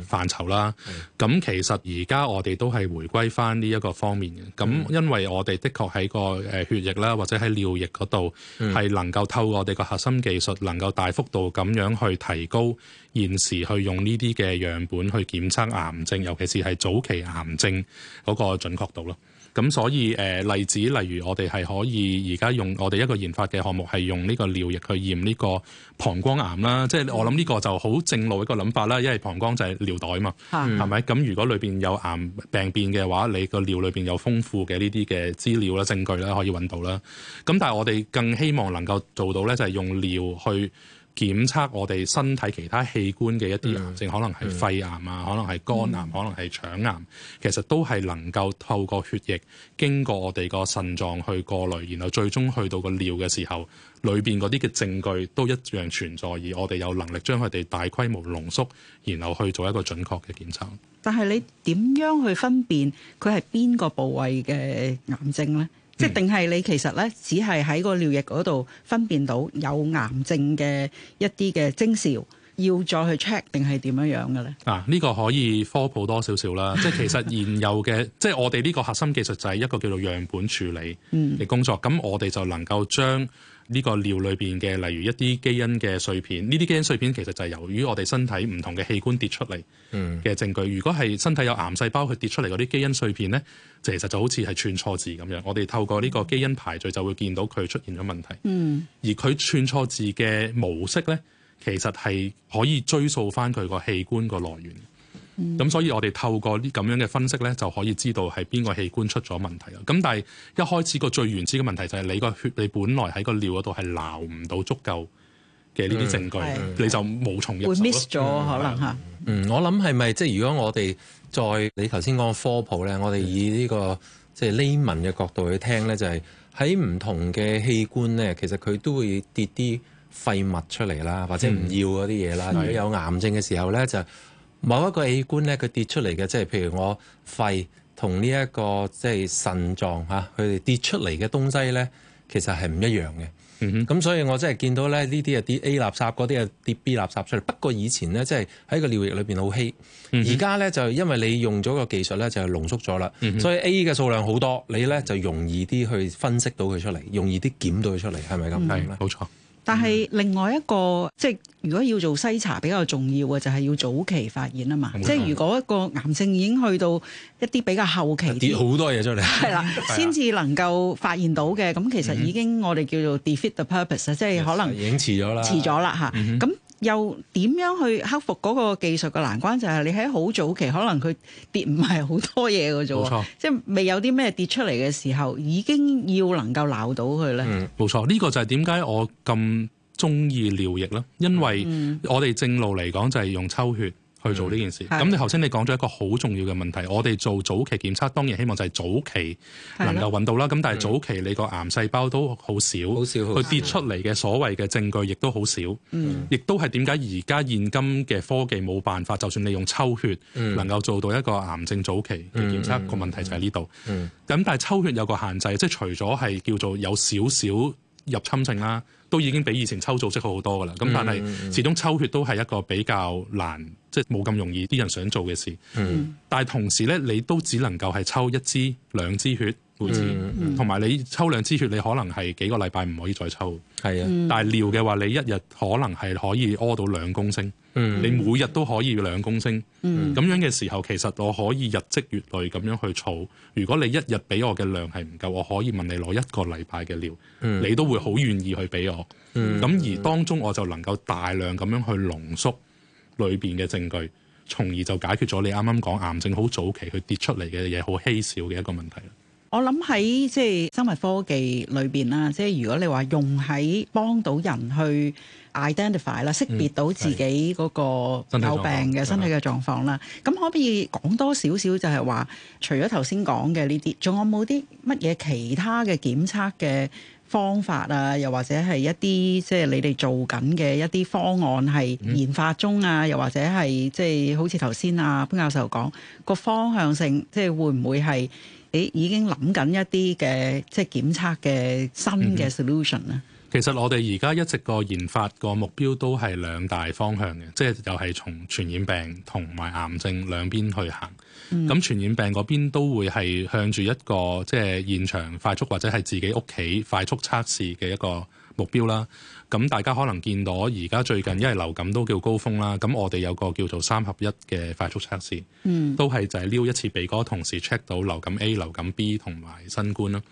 誒範疇啦。咁、嗯、其實而家我哋都係回歸翻呢一個方面嘅。咁、嗯、因為我哋的確喺個誒血液啦，或者喺尿液嗰度，係、嗯、能夠透過我哋個核心技術，能夠大幅度咁樣去提高現時去用呢啲嘅樣本去檢測癌症，尤其是係早期癌症嗰個準確度咯。咁所以誒、呃、例子，例如我哋係可以而家用我哋一個研發嘅項目係用呢個尿液去驗呢個膀胱癌啦，即係、嗯、我諗，呢個就好正路一個諗法啦，因為膀胱就係尿袋嘛，係咪、嗯？咁如果裏邊有癌病變嘅話，你個尿裏邊有豐富嘅呢啲嘅資料啦、證據啦，可以揾到啦。咁但係，我哋更希望能夠做到咧，就係用尿去。檢測我哋身體其他器官嘅一啲癌症，可能係肺癌啊，可能係肝癌，可能係腸癌，其實都係能夠透過血液經過我哋個腎臟去過濾，然後最終去到個尿嘅時候，裏邊嗰啲嘅證據都一樣存在，而我哋有能力將佢哋大規模濃縮，然後去做一個準確嘅檢測。但係你點樣去分辨佢係邊個部位嘅癌症呢？即定係你其實咧，只係喺個尿液嗰度分辨到有癌症嘅一啲嘅徵兆，要再去 check 定係點樣樣嘅咧？啊，呢、呢個可以科普多少少啦。即係其實現有嘅， 即係我哋呢個核心技術就係一個叫做樣本處理嘅工作。咁、嗯、我哋就能夠將。呢個尿裏邊嘅例如一啲基因嘅碎片，呢啲基因碎片其實就係由於我哋身體唔同嘅器官跌出嚟嘅證據。嗯、如果係身體有癌細胞，佢跌出嚟嗰啲基因碎片咧，其實就好似係串錯字咁樣。我哋透過呢個基因排序就會見到佢出現咗問題。嗯、而佢串錯字嘅模式咧，其實係可以追溯翻佢個器官個來源。咁、嗯、所以我哋透過呢咁樣嘅分析咧，就可以知道係邊個器官出咗問題啦。咁但係一開始個最原始嘅問題就係你個血，你本來喺個尿嗰度係攞唔到足夠嘅呢啲證據，嗯、你就冇從入手。會 miss 咗、嗯、可能吓？嗯，我諗係咪即係如果我哋再你頭先講個科普咧，我哋以呢、這個、嗯、即係 layman 嘅角度去聽咧，就係喺唔同嘅器官咧，其實佢都會跌啲廢物出嚟啦，或者唔要嗰啲嘢啦。如果有癌症嘅時候咧，就某一個器官咧，佢跌出嚟嘅，即係譬如我肺同呢一個即係腎臟嚇，佢、啊、哋跌出嚟嘅東西咧，其實係唔一樣嘅。咁、嗯、哼所以我真係見到咧，呢啲啊啲 A 垃圾，嗰啲啊啲 B 垃圾出嚟。不過以前咧，即係喺個尿液裏邊好稀，而家咧就因為你用咗個技術咧，就係、是、濃縮咗啦。嗯、哼所以 A 嘅數量好多，你咧就容易啲去分析到佢出嚟，容易啲檢到佢出嚟，係咪咁？係，冇錯。但係另外一個即係如果要做篩查比較重要嘅就係、是、要早期發現啊嘛，嗯、即係如果一個癌症已經去到一啲比較後期，跌好多嘢出嚟，係啦，先至 能夠發現到嘅，咁其實已經我哋叫做 defeat the purpose 啊、嗯，即係可能已經遲咗啦，遲咗啦嚇，咁、嗯嗯。又點樣去克服嗰個技術嘅難關？就係、是、你喺好早期，可能佢跌唔係好多嘢嘅啫，錯即係未有啲咩跌出嚟嘅時候，已經要能夠鬧到佢咧。嗯，冇、嗯、錯，呢、這個就係點解我咁中意尿液咧，因為我哋正路嚟講就係用抽血。嗯、去做呢件事，咁、嗯、你頭先你講咗一個好重要嘅問題，的我哋做早期檢測當然希望就係早期能夠揾到啦，咁的但係早期你個癌細胞都好少，佢跌出嚟嘅所謂嘅證據亦都好少，亦都係點解而家現今嘅科技冇辦法，就算你用抽血能夠做到一個癌症早期嘅檢測，個、嗯、問題就喺呢度。咁、嗯嗯、但係抽血有個限制，即、就、係、是、除咗係叫做有少少入侵性啦，都已經比以前抽組織好好多㗎喇。咁但係始終抽血都係一個比較難。即冇咁容易，啲人想做嘅事。嗯。但係同時咧，你都只能夠係抽一支兩支血每次，同埋你抽兩支血，你可能係幾個禮拜唔可以再抽。係啊。但係尿嘅話，你一日可能係可以屙到兩公升。你每日都可以兩公升。咁樣嘅時候，其實我可以日積月累咁樣去儲。如果你一日俾我嘅量係唔夠，我可以問你攞一個禮拜嘅尿，你都會好願意去俾我。咁而當中，我就能夠大量咁樣去濃縮，裏邊嘅證據，從而就解決咗你啱啱講癌症好早期佢跌出嚟嘅嘢好稀少嘅一個問題啦。我諗喺即係生物科技裏邊啦，即係如果你話用喺幫到人去 identify 啦，識別到自己嗰個有病嘅身體嘅狀況啦，咁、嗯、可唔可以講多少少就係話，除咗頭先講嘅呢啲，仲有冇啲乜嘢其他嘅檢測嘅方法啊，又或者係一啲即係你哋做緊嘅一啲方案係研發中啊，又或者係即係好似頭先啊潘教授講個方向性會會，即係會唔會係誒已經諗緊一啲嘅即係檢測嘅新嘅 solution 咧？其實我哋而家一直個研發個目標都係兩大方向嘅，即係又係從傳染病同埋癌症兩邊去行。咁、嗯、傳染病嗰邊都會係向住一個即係、就是、現場快速或者係自己屋企快速測試嘅一個目標啦。咁大家可能見到而家最近，因為流感都叫高峰啦，咁我哋有個叫做三合一嘅快速測試，嗯、都係就係撩一次鼻哥，同時 check 到流感 A、流感 B 同埋新冠啦。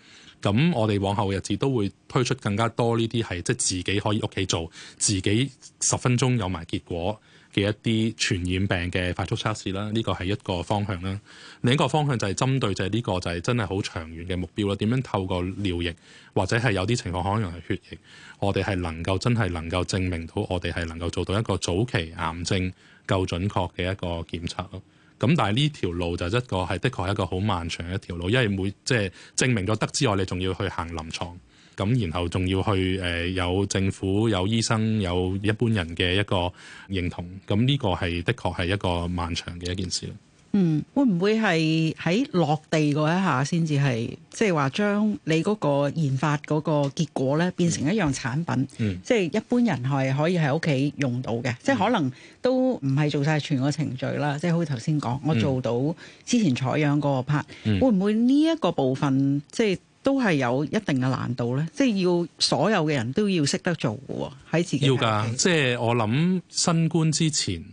咁我哋往後日子都會推出更加多呢啲係即係自己可以屋企做，自己十分鐘有埋結果嘅一啲傳染病嘅快速測試啦，呢個係一個方向啦。另一個方向就係針對就係呢個就係真係好長遠嘅目標啦。點樣透過尿液或者係有啲情況可能係血液，我哋係能夠真係能夠證明到我哋係能夠做到一個早期癌症夠準確嘅一個檢測咯。咁但係呢條路就一個係的確係一個好漫長嘅一條路，因為每即係、就是、證明咗得之外，你仲要去行臨床。咁，然後仲要去誒、呃、有政府、有醫生、有一般人嘅一個認同，咁、這、呢個係的確係一個漫長嘅一件事。嗯，會唔會係喺落地嗰一下先至係，即係話將你嗰個研發嗰個結果咧變成一樣產品？嗯、即係一般人係可以喺屋企用到嘅。嗯、即係可能都唔係做晒全個程序啦。即係好似頭先講，嗯、我做到之前採樣嗰個 part，會唔會呢一個部分即係？都係有一定嘅難度咧，即係要所有嘅人都要識得做嘅喺自己。要噶，即、就、係、是、我諗新冠之前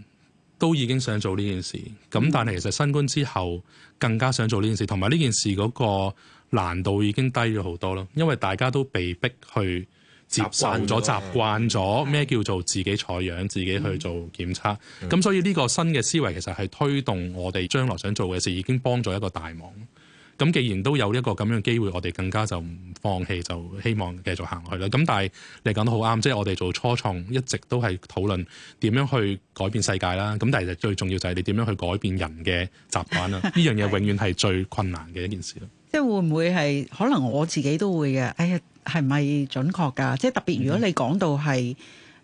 都已經想做呢件事，咁、嗯、但係其實新冠之後更加想做呢件事，同埋呢件事嗰個難度已經低咗好多咯，因為大家都被逼去接受，咗，習慣咗咩叫做自己採樣、自己去做檢測，咁、嗯嗯、所以呢個新嘅思維其實係推動我哋將來想做嘅事已經幫咗一個大忙。咁既然都有一個咁樣嘅機會，我哋更加就唔放棄，就希望繼續行去啦。咁但係你講得好啱，即係我哋做初創一直都係討論點樣去改變世界啦。咁但係最重要就係你點樣去改變人嘅習慣啦。呢樣嘢永遠係最困難嘅一件事咯。即係會唔會係可能我自己都會嘅？哎呀，係唔係準確㗎？即係特別如果你講到係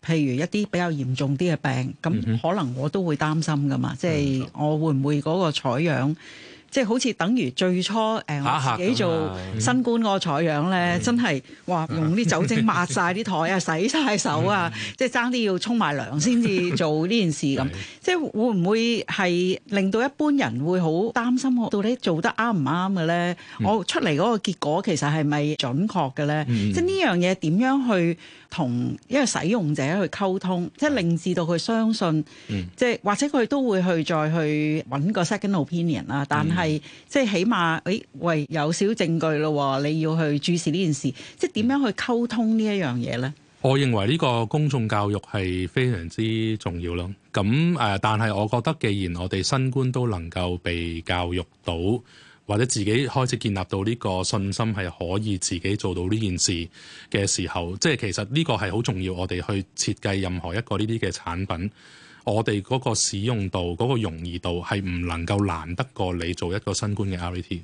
譬如一啲比較嚴重啲嘅病，咁可能我都會擔心噶嘛。即係我會唔會嗰個採樣？即係好似等於最初誒、呃、我自己做新冠嗰個採樣咧，嗯、真係哇！用啲酒精抹晒啲台啊，洗晒手啊，嗯、即係爭啲要沖埋涼先至做呢件事咁。嗯、即係會唔會係令到一般人會好擔心我？我到底做得啱唔啱嘅咧？我出嚟嗰個結果其實係咪準確嘅咧？嗯、即係呢樣嘢點樣去同一個使用者去溝通，即係令至到佢相信，嗯、即係或者佢都會去再去搵個 second opinion 啊。但係即係起碼，誒、哎、喂，有少證據咯，你要去注視呢件事。即係點樣去溝通呢一樣嘢咧？我認為呢個公眾教育係非常之重要咯。咁誒、呃，但係我覺得，既然我哋新冠都能夠被教育到。或者自己開始建立到呢個信心係可以自己做到呢件事嘅時候，即係其實呢個係好重要。我哋去設計任何一個呢啲嘅產品，我哋嗰個使用度、嗰個容易度係唔能夠難得過你做一個新冠嘅 RAT。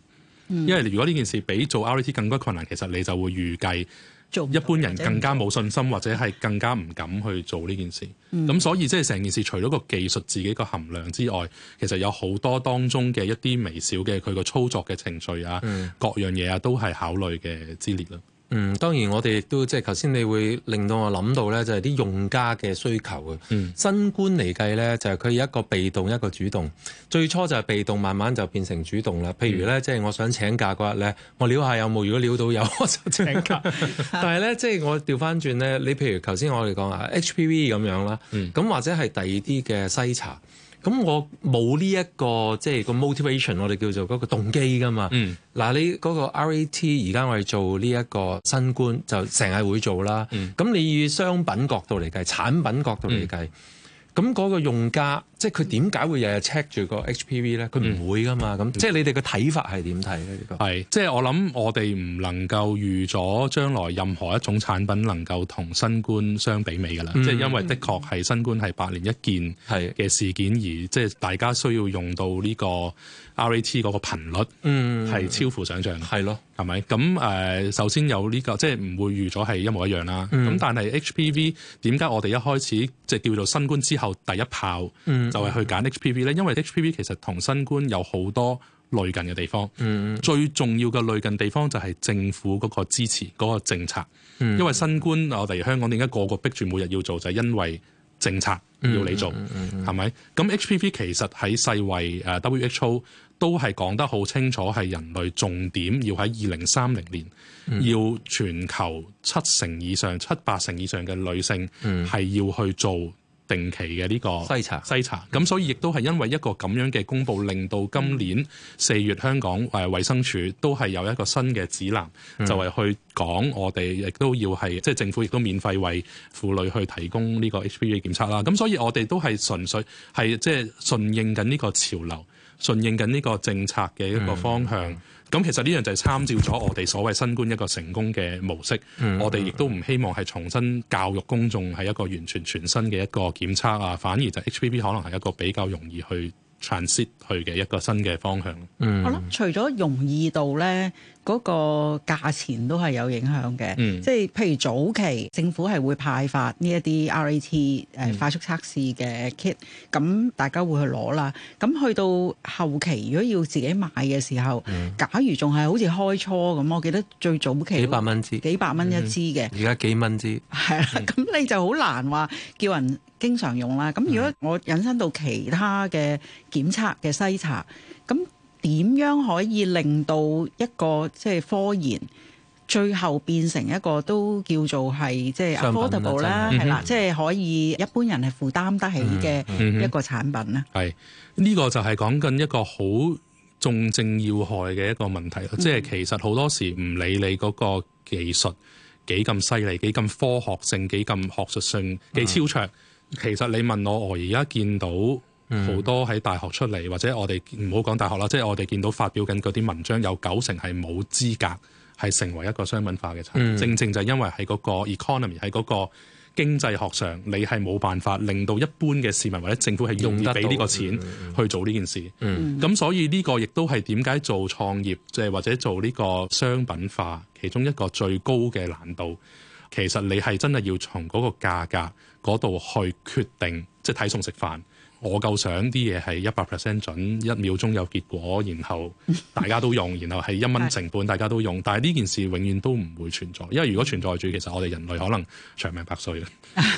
嗯、因為如果呢件事比做 RAT 更加困難，其實你就會預計。一般人更加冇信心，或者係更加唔敢去做呢件事。咁、嗯、所以即係成件事除咗個技術自己個含量之外，其實有好多當中嘅一啲微小嘅佢個操作嘅程序啊，嗯、各樣嘢啊，都係考慮嘅之列啦。嗯嗯，當然我哋亦都即係頭先你會令到我諗到呢，就係、是、啲用家嘅需求嘅。嗯、新冠嚟計呢，就係、是、佢一個被動一個主動。最初就係被動，慢慢就變成主動啦。譬如呢，嗯、即係我想請假嗰日呢，我撩下有冇，如果撩到有我就 請假。 但係呢，即係我調翻轉呢，你譬如頭先我哋講啊，H P V 咁樣啦，咁、嗯、或者係第二啲嘅篩查。咁我冇呢一個即係、就是、個 motivation，我哋叫做嗰個動機噶嘛。嗱、嗯，那你嗰個 RAT 而家我哋做呢一個新冠就成日會做啦。咁、嗯、你以商品角度嚟計，產品角度嚟計，咁嗰、嗯、個用家。即係佢點解會日日 check 住個 HPV 咧？佢唔會㗎嘛？咁、嗯、即係你哋嘅睇法係點睇咧？呢個係即係我諗，我哋唔能夠預咗將來任何一種產品能夠同新冠相媲美㗎啦。即係、嗯、因為的確係新冠係百年一見嘅事件而，而即係大家需要用到呢個 RAT 嗰個頻率，係超乎想像。係咯、嗯，係咪？咁誒吧是的、呃，首先有呢、呢個即係唔會預咗係一模一樣啦。咁、嗯、但係 HPV 點解我哋一開始即係、即係、叫做新冠之後第一炮？嗯就係去揀 H P V 咧，因為 H P V 其實同新冠有好多類近嘅地方。嗯、最重要嘅類近地方就係政府嗰個支持嗰、嗰個政策。嗯、因為新冠我哋香港點解個個逼住每日要做，就係、係、因為政策要你做，係咪、嗯？咁、嗯嗯、H P V 其實喺世衛誒、uh, W H O 都係講得好清楚，係人類重點要喺二零三零年、嗯、要全球七成以上、七八成以上嘅女性係要去做。嗯嗯定期嘅呢個篩查篩查，咁 所以亦都係因為一個咁樣嘅公布令到今年四月香港誒、呃、衞生署都係有一個新嘅指南， 就係去講我哋亦都要係即係政府亦都免費為婦女去提供呢個 HPV 檢測啦。咁 所以我哋都係純粹係即係順應緊呢個潮流，順應緊呢個政策嘅一個方向。 咁其實呢樣就係參照咗我哋所謂新冠一個成功嘅模式，嗯、我哋亦都唔希望係重新教育公眾係一個完全全新嘅一個檢測啊，反而就 HPB 可能係一個比較容易去 transit 去嘅一個新嘅方向。嗯，係咯、哦，除咗容易度咧。嗰個價錢都係有影響嘅，嗯、即係譬如早期政府係會派發呢一啲 RAT 誒快速測試嘅 kit，咁大家會去攞啦。咁去到後期，如果要自己買嘅時候，嗯、假如仲係好似開初咁，我記得最早期幾百蚊支，嗯、幾百蚊一支嘅，而家幾蚊支，係啦的，咁、嗯、你就好難話叫人經常用啦。咁如果我引申到其他嘅檢測嘅篩查。點樣可以令到一個即係科研最後變成一個都叫做係即係 affordable 啦？係啦，即係的可以一般人係負擔得起嘅一個產品啦。係呢、嗯嗯嗯這個就係講緊一個好重症要害嘅一個問題、嗯、即係其實好多時唔理你嗰個技術幾咁犀利、幾咁科學性、幾咁學術性、幾超卓，嗯嗯、其實你問我，我而家見到。好、嗯、多喺大學出嚟，或者我哋唔好講大學啦，即、就、係、是、我哋見到發表緊嗰啲文章有九成係冇資格係成為一個商品化嘅產品。嗯、正正就因為喺嗰個 economy 喺嗰個經濟學上，你係冇辦法令到一般嘅市民或者政府係用得俾呢、嗯、個錢去做呢件事。咁、嗯、所以呢個亦都係點解做創業即係或者做呢個商品化其中一個最高嘅難度。其實你係真係要從嗰個價格嗰度去決定，即係睇餸食飯。我夠想啲嘢係一百 percent 準，一秒鐘有結果，然後大家都用，然後係一蚊成本大家都用， 是的 但係呢件事永遠都唔會存在，因為如果存在住，其實我哋人類可能長命百歲嘅，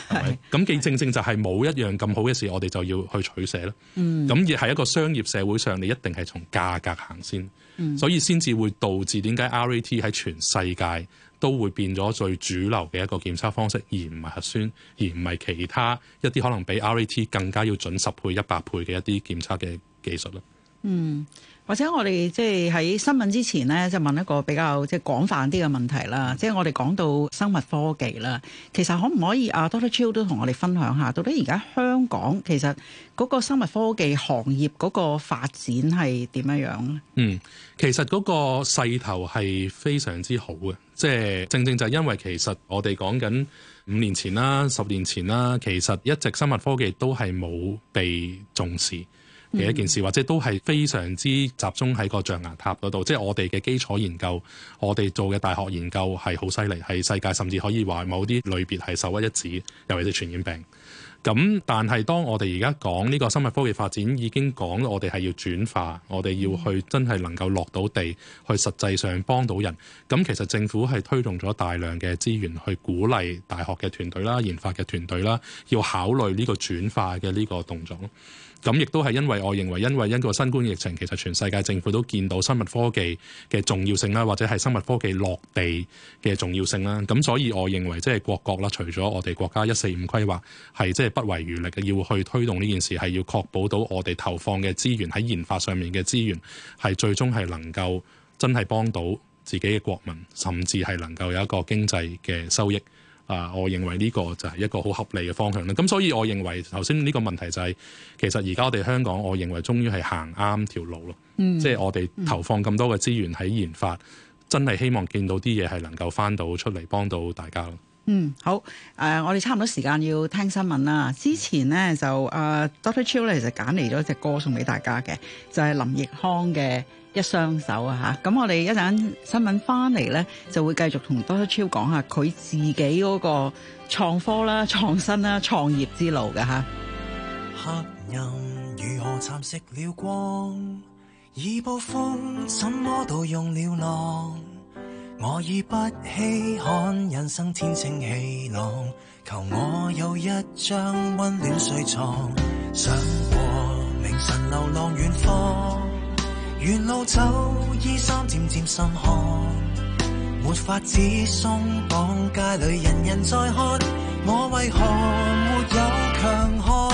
係咪？咁既 是的 正正就係冇一樣咁好嘅事， 是的 我哋就要去取捨咧。咁亦係一個商業社會上，你一定係從價格行先，所以先至會導致點解 RAT 喺全世界，都會變咗最主流嘅一個檢測方式，而唔係核酸，而唔係其他一啲可能比 RAT 更加要準十倍、一百倍嘅一啲檢測嘅技術啦。嗯。或者我哋即係喺新聞之前咧，就問一個比較即係廣泛啲嘅問題啦。即係我哋講到生物科技啦，其實可唔可以啊？Dr. Chiu 都同我哋分享下，到底而家香港其實嗰個生物科技行業嗰個發展係點樣樣咧？嗯，其實嗰個勢頭係非常之好嘅，即係正正就係因為其實我哋講緊五年前啦、十年前啦，其實一直生物科技都係冇被重視。嘅一件事，或者都係非常之集中喺個象牙塔嗰度，即係我哋嘅基礎研究，我哋做嘅大學研究係好犀利，係世界甚至可以話某啲類別係首屈一指，尤其是傳染病。咁但係當我哋而家講呢個生物科技發展，已經講我哋係要轉化，我哋要去真係能夠落到地，去實際上幫到人。咁其實政府係推動咗大量嘅資源去鼓勵大學嘅團隊啦、研發嘅團隊啦，要考慮呢個轉化嘅呢個動作咯。咁亦都係因為我認為，因為因個新冠疫情，其實全世界政府都見到生物科技嘅重要性啦，或者係生物科技落地嘅重要性啦。咁所以，我認為即係各國啦，除咗我哋國家一四五規劃，係即係不遺餘力嘅要去推動呢件事，係要確保到我哋投放嘅資源喺研發上面嘅資源，係最終係能夠真係幫到自己嘅國民，甚至係能夠有一個經濟嘅收益。啊，我認為呢個就係一個好合理嘅方向咧。咁所以，我認為頭先呢個問題就係、是，其實而家我哋香港，我認為終於係行啱條路咯。嗯，即係我哋投放咁多嘅資源喺研發，嗯、真係希望見到啲嘢係能夠翻到出嚟，幫到大家咯。嗯，好。誒、呃，我哋差唔多時間要聽新聞啦。之前呢，就誒、呃、Doctor c h i l l 咧就揀嚟咗隻歌送俾大家嘅，就係、是、林奕匡嘅。一雙手啊，嚇、嗯！咁、啊、我哋一陣新聞翻嚟咧，就會繼續同 Dr. Chiu 講下佢自己嗰個創科啦、創新啦、創業之路嘅吓，啊、黑暗如何蠶食了光，以暴風什麼都用流浪。浪我我已不稀罕人生天清氣朗，求我有一張溫暖睡床，想過凌晨流浪遠方。沿路走，衣衫漸漸滲汗，沒法子鬆綁，街裏人人在看，我為何沒有強悍？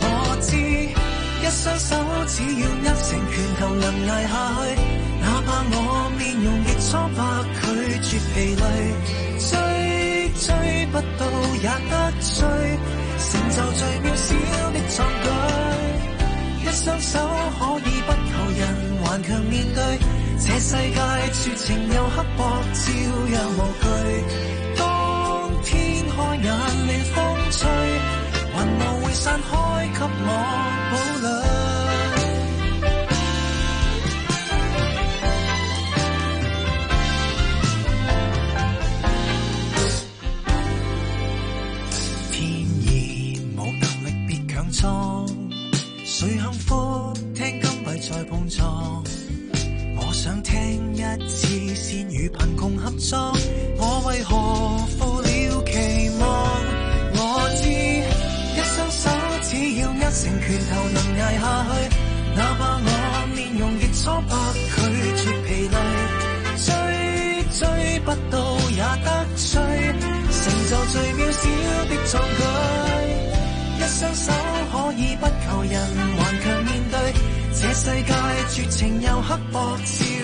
我知一雙手只要握成拳頭，能挨下去，哪怕我面容極蒼白，拒絕疲累，追追不到也得追，成就最渺小的壯舉。一雙手可以不。頑強面對這世界絕情又刻薄，照樣無懼。當天開眼，暖風吹，雲霧會散開，給我保留。天意無能力，別強裝。誰幸福？聽金幣在碰撞。想聽一次，先與貧窮合作。我為何負了期望？我知一雙手只要握成拳頭能挨下去，哪怕我面容越蒼白拒絕疲累，追追不到也得追，成就最渺小的壯舉。一雙手可以不求人，頑強面對，這世界絕情又刻薄。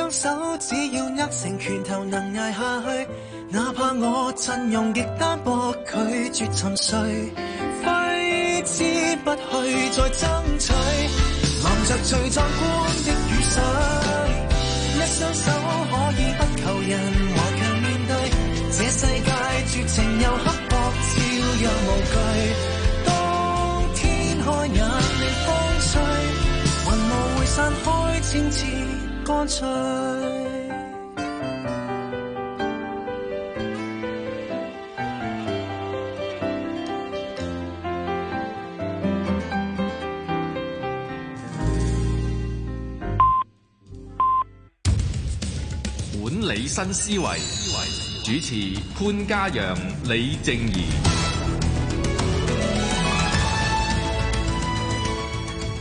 雙手只要握成拳頭，能捱下去。哪怕我陣容極單薄，拒絕沉睡，揮之不去，再爭取。望着最壯觀的雨水，一雙手可以不求人，頑強面對。這世界絕情又刻薄，照樣無懼。當天開眼亂風吹，雲霧會散開千次。管理新思維，主持潘嘉陽、李靜宜。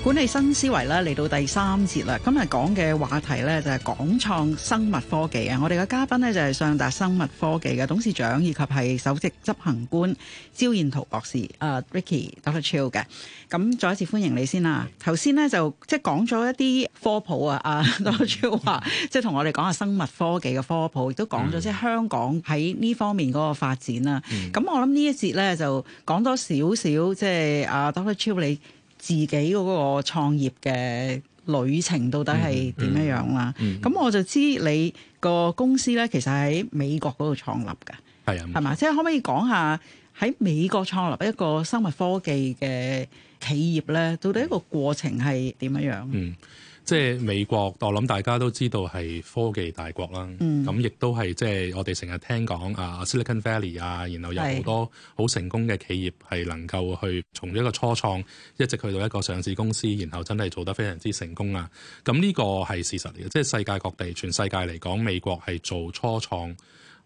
管理新思維啦，嚟到第三節啦。今日講嘅話題咧就係港創生物科技啊。我哋嘅嘉賓咧就係相達生物科技嘅董事長以及係首席執行官招彥燾博士，誒，Ricky Dr. Chiu 嘅。咁再一次歡迎你先啦。頭先咧就即係講咗一啲科普啊。阿 Dr. Chiu 話即係同我哋講下生物科技嘅科普，亦都講咗即係香港喺呢方面嗰個發展啦。咁 我諗呢一節咧就講多少少即係、就、阿、是、Dr. Chiu 你。自己嗰個創業嘅旅程到底係點樣樣啦？咁、mm hmm. mm hmm. 我就知你個公司呢，其實喺美國嗰度創立嘅，係啊、mm，係、hmm. 嘛？即係可唔可以講下喺美國創立一個生物科技嘅企業呢，到底一個過程係點樣樣？Mm hmm. 即係美國，我諗大家都知道係科技大國啦。咁亦、嗯、都係即係我哋成日聽講啊，Silicon Valley 啊，然後有好多好成功嘅企業係是能夠去從一個初創一直去到一個上市公司，然後真係做得非常之成功啊。咁呢個係事實嚟嘅，即係世界各地、全世界嚟講，美國係做初創。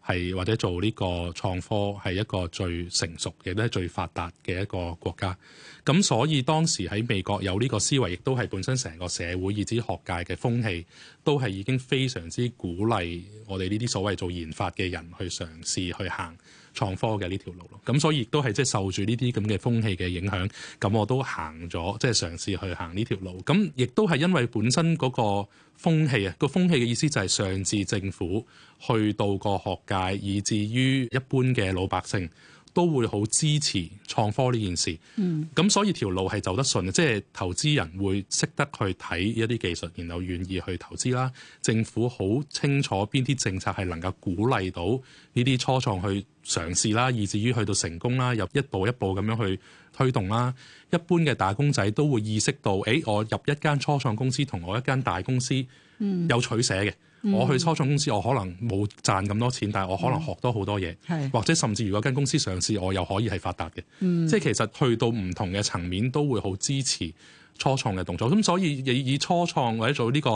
係或者做呢個創科係一個最成熟亦都係最發達嘅一個國家，咁所以當時喺美國有呢個思維，亦都係本身成個社會以至學界嘅風氣，都係已經非常之鼓勵我哋呢啲所謂做研發嘅人去嘗試去行創科嘅呢條路咯，咁所以亦都係即係受住呢啲咁嘅風氣嘅影響，咁我都行咗即係嘗試去行呢條路。咁亦都係因為本身嗰個風氣啊，個風氣嘅意思就係上至政府，去到個學界，以至於一般嘅老百姓，都會好支持創科呢件事，咁、嗯、所以條路係走得順，即係投資人會識得去睇一啲技術，然後願意去投資啦。政府好清楚邊啲政策係能夠鼓勵到呢啲初創去嘗試啦，以至於去到成功啦，又一步一步咁樣去推動啦。一般嘅打工仔都會意識到，誒、哎、我入一間初創公司同我一間大公司有取捨嘅。嗯我去初創公司，我可能冇賺咁多錢，但係我可能學到好多嘢，是或者甚至如果間公司上市，我又可以係發達嘅。嗯、即係其實去到唔同嘅層面，都會好支持初創嘅動作。咁所以以以初創或者做呢個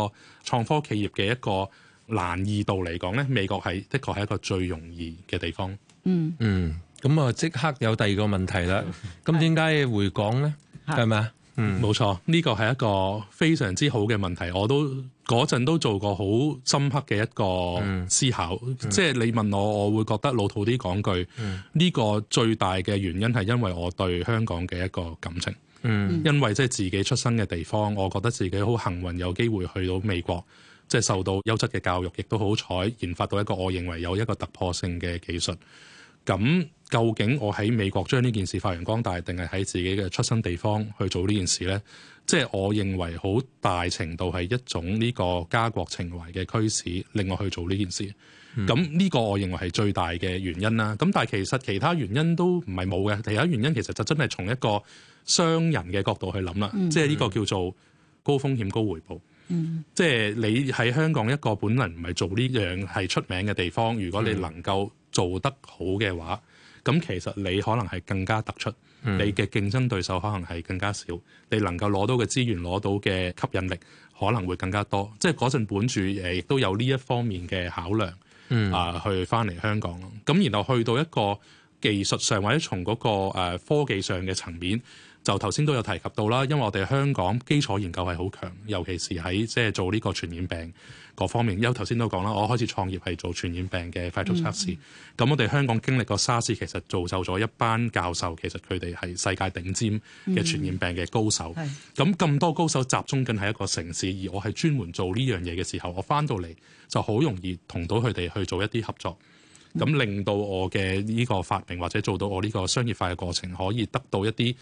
創科企業嘅一個難易度嚟講呢，美國係的確係一個最容易嘅地方。嗯嗯，咁啊即刻有第二個問題啦。咁點解回港呢？係咪是？嗯，冇錯，呢個係一個非常之好嘅問題，我都嗰陣都做過好深刻嘅一個思考。嗯嗯、即係你問我，我會覺得老土啲講句，呢、嗯、個最大嘅原因係因為我對香港嘅一個感情，嗯、因為即係自己出生嘅地方，我覺得自己好幸運有機會去到美國，即係受到優質嘅教育，亦都好彩研發到一個我認為有一個突破性嘅技術。咁究竟我喺美國將呢件事發揚光大，定係喺自己嘅出生地方去做呢件事呢？即係我認為好大程度係一種呢個家國情懷嘅驅使，令我去做呢件事。咁呢個我認為係最大嘅原因啦。咁但係其實其他原因都唔係冇嘅。其他原因其實就真係從一個商人嘅角度去諗啦。嗯，即係呢個叫做高風險高回報。嗯，即係你喺香港一個本來唔係做呢樣係出名嘅地方，如果你能夠做得好嘅話。咁其實你可能係更加突出，你嘅競爭對手可能係更加少，你能夠攞到嘅資源、攞到嘅吸引力可能會更加多。即係嗰陣本住誒，亦都有呢一方面嘅考量啊、嗯呃，去翻嚟香港。咁然後去到一個技術上或者從嗰個科技上嘅層面，就頭先都有提及到啦。因為我哋香港基礎研究係好強，尤其是喺即係做呢個傳染病。各方面，因為頭先都講啦，我開始創業係做傳染病嘅快速測試。咁、嗯、我哋香港經歷過沙士，其實造就咗一班教授，其實佢哋係世界頂尖嘅傳染病嘅高手。咁咁、嗯、多高手集中緊喺一個城市，而我係專門做呢樣嘢嘅時候，我翻到嚟就好容易同到佢哋去做一啲合作，咁令到我嘅呢個發明或者做到我呢個商業化嘅過程，可以得到一啲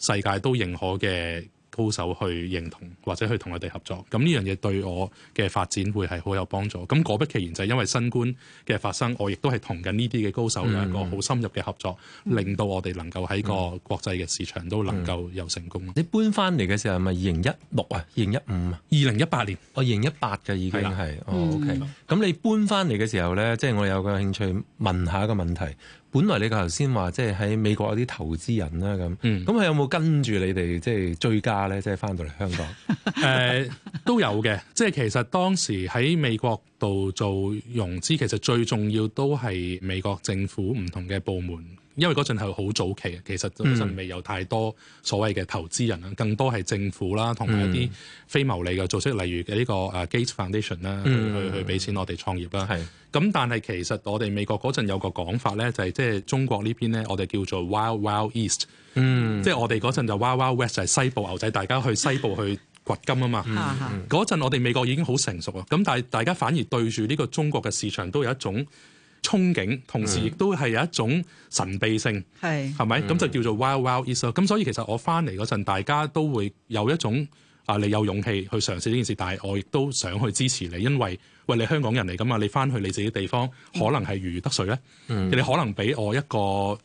世界都認可嘅高手去認同或者去同我哋合作，咁呢樣嘢對我嘅發展會係好有幫助。咁果不其然就係因為新冠嘅發生，我亦都係同緊呢啲嘅高手有一個好深入嘅合作，嗯、令到我哋能夠喺個國際嘅市場都能夠有成功。嗯嗯、你搬翻嚟嘅時候係咪二零一六啊？二零一五啊？二零一八年我二零一八嘅已經係的、哦、，OK。咁、嗯、你搬翻嚟嘅時候呢，即、就、係、是、我有個興趣問下一個問題。本來你個頭先話，即係喺美國有啲投資人啦咁，咁佢有冇跟住你哋即係追加咧？即係返到嚟香港誒、呃、都有嘅。即係其實當時喺美國度做融資，其實最重要都係美國政府唔同嘅部門。因為嗰陣係好早期，其實嗰陣未有太多所謂嘅投資人啦，嗯、更多係政府啦，同埋一啲非牟利嘅組織，例如嘅呢個誒 Gates Foundation 啦、嗯，去去俾錢我哋創業啦。咁是但係其實我哋美國嗰陣有個講法咧，就係即係中國呢邊咧，我哋叫做 Wild Wild East，即係、嗯、我哋嗰陣就 Wild Wild West 就係西部牛仔，大家去西部去掘金啊嘛。嗰陣、嗯、我哋美國已經好成熟啊，咁但係大家反而對住呢個中國嘅市場都有一種憧憬，同時亦都係有一種神秘性，係係咪咁就叫做 Wild Wild East 咁？所以其實我翻嚟嗰陣，大家都會有一種啊、呃，你有勇氣去嘗試呢件事，但係我亦都想去支持你，因為餵你香港人嚟㗎嘛，你翻去你自己地方可能係如魚得水咧，mm. 你可能俾我一個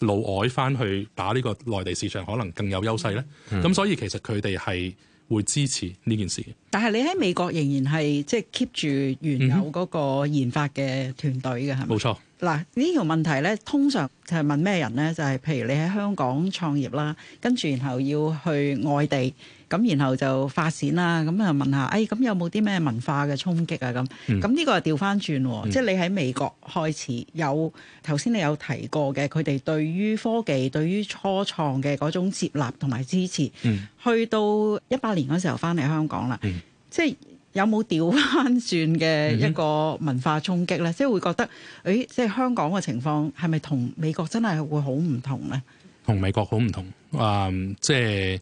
老外翻去打呢個內地市場，可能更有優勢咧。咁、mm. 所以其實佢哋係。會支持呢件事，但係你喺美國仍然係即係 keep 住原有嗰個研發嘅團隊嘅，係咪？Mm-hmm. 冇錯。嗱，呢條問題咧，通常就係問咩人咧？就係譬如你喺香港創業啦，跟住然後要去外地。咁然後就發展啦，咁啊問下，誒、哎、咁有冇啲咩文化嘅衝擊啊？咁咁呢個係調翻轉喎，嗯、即係你喺美國開始有頭先你有提過嘅，佢哋對於科技對於初創嘅嗰種接納同埋支持，嗯、去到一八年嗰時候翻嚟香港啦，嗯、即係有冇調翻轉嘅一個文化衝擊呢？嗯、即係會覺得，誒、哎、即係香港嘅情況係咪同美國真係會好唔同呢？同美國好唔同，誒、um，即係。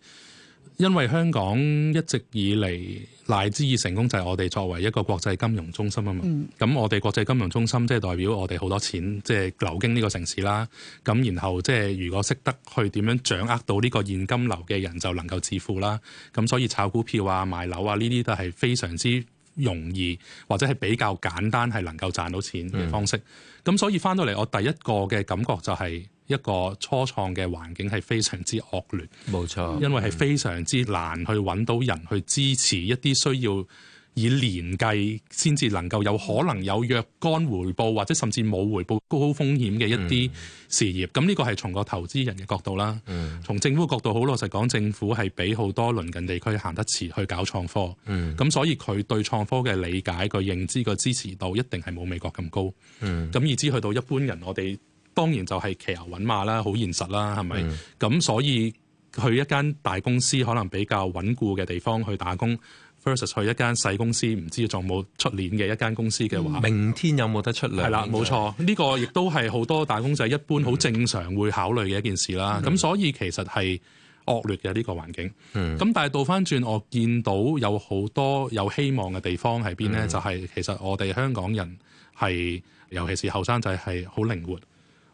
因為香港一直以嚟賴之以成功就係我哋作為一個國際金融中心啊嘛，咁、嗯、我哋國際金融中心即係代表我哋好多錢即係、就是、流經呢個城市啦，咁然後即係如果識得去點樣掌握到呢個現金流嘅人就能夠致富啦，咁所以炒股票啊、買樓啊呢啲都係非常之容易，或者係比較簡單係能夠賺到錢嘅方式。咁、嗯、所以返到嚟，我第一個嘅感覺就係、是。一個初創嘅環境係非常之惡劣，冇錯，因為係非常之難去揾到人去支持一啲需要以年計先至能夠有可能有若干回報或者甚至冇回報高風險嘅一啲事業。咁呢、嗯、個係從個投資人嘅角度啦，嗯、從政府角度好老實講，政府係比好多鄰近地區行得遲去搞創科，咁、嗯、所以佢對創科嘅理解、個認知、個支持度一定係冇美國咁高。咁以至去到一般人，我哋、嗯。當然就係騎牛揾馬啦，好現實啦，係咪？咁、嗯、所以去一間大公司可能比較穩固嘅地方去打工，first 去一間細公司，唔知仲冇出年嘅一間公司嘅話，明天有冇得出糧？係啦，冇錯，呢 個亦都係好多打工仔一般好正常會考慮嘅一件事啦。咁、嗯、所以其實係惡劣嘅呢、這個環境。嗯。咁但係倒翻轉，我見到有好多有希望嘅地方喺邊呢？嗯、就係其實我哋香港人係，尤其是後生仔係好靈活。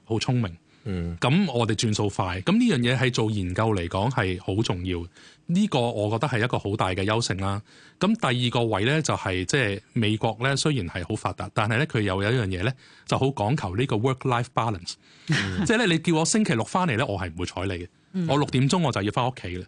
好聰明，咁我哋轉數快，咁呢樣嘢係做研究嚟講係好重要，呢個我覺得係一個好大嘅優勝啦。咁第二個位呢、就係，就係即係美國呢雖然係好發達，但係呢，佢又有一樣嘢呢，就好講求呢個 work life balance， 即係咧你叫我星期六翻嚟呢，我係唔會睬你嘅，我六點鐘我就要翻屋企啦。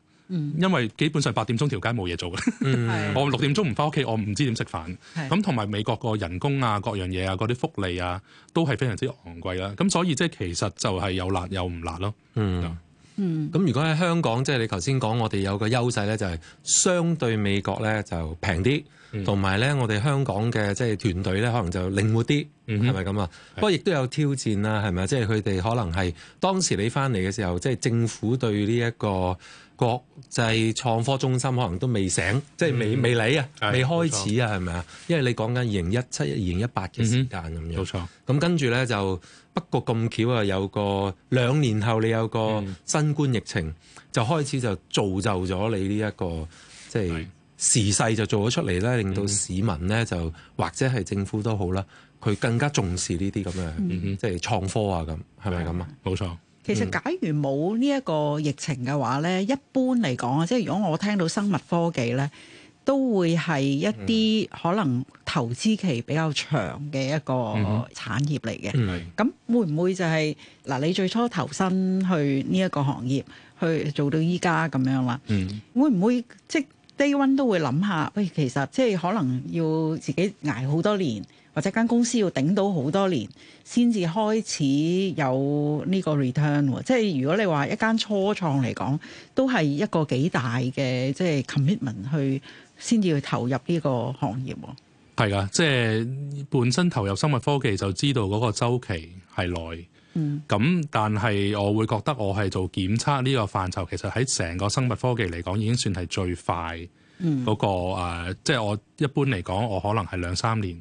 因為基本上八點鐘條街冇嘢做嘅，我六點鐘唔翻屋企，我唔知點食飯咁。同埋美國個人工啊，各樣嘢啊，嗰啲福利啊，都係非常之昂貴啦。咁所以即係其實就係有辣有唔辣咯。嗯嗯，咁如果喺香港，即係你頭先講，我哋有個優勢呢，就係相對美國呢就平啲，同埋呢我哋香港嘅即係團隊呢可能就靈活啲，係咪咁啊？不過亦都有挑戰啦，係咪即係佢哋可能係當時你翻嚟嘅時候，即係政府對呢一個。國際創科中心可能都未醒，即係未未嚟啊，嗯、未開始啊，係咪啊？因為你講緊二零一七、二零一八嘅時間咁樣，冇、嗯嗯、錯。咁跟住咧就不過咁巧啊，有個兩年後你有個新冠疫情，就開始就造就咗你呢、這、一個即係時勢就做咗出嚟咧，是令到市民咧就或者係政府都好啦，佢更加重視呢啲咁嘅，即係、嗯嗯、創科啊，咁係咪咁啊？冇錯。其實假如冇呢一個疫情嘅話咧，一般嚟講啊，即係如果我聽到生物科技咧，都會係一啲可能投資期比較長嘅一個產業嚟嘅。咁、嗯、哼會唔會就係、是、嗱？你最初投身去呢一個行業，去做到依家咁樣啦？會唔會、嗯、即係低溫都會諗下？喂、哎，其實即係可能要自己捱好多年。或者間公司要頂到好多年先至開始有呢個 return，即係如果你話一間初創嚟講，都係一個幾大嘅即係 commitment 去先至去投入呢個行業。係噶，即係本身投入生物科技就知道嗰個週期係耐。嗯，咁但係我會覺得我係做檢測呢個範疇，其實喺成個生物科技嚟講已經算係最快、嗰個。嗯，嗰個、呃、即係我一般嚟講，我可能係兩三年。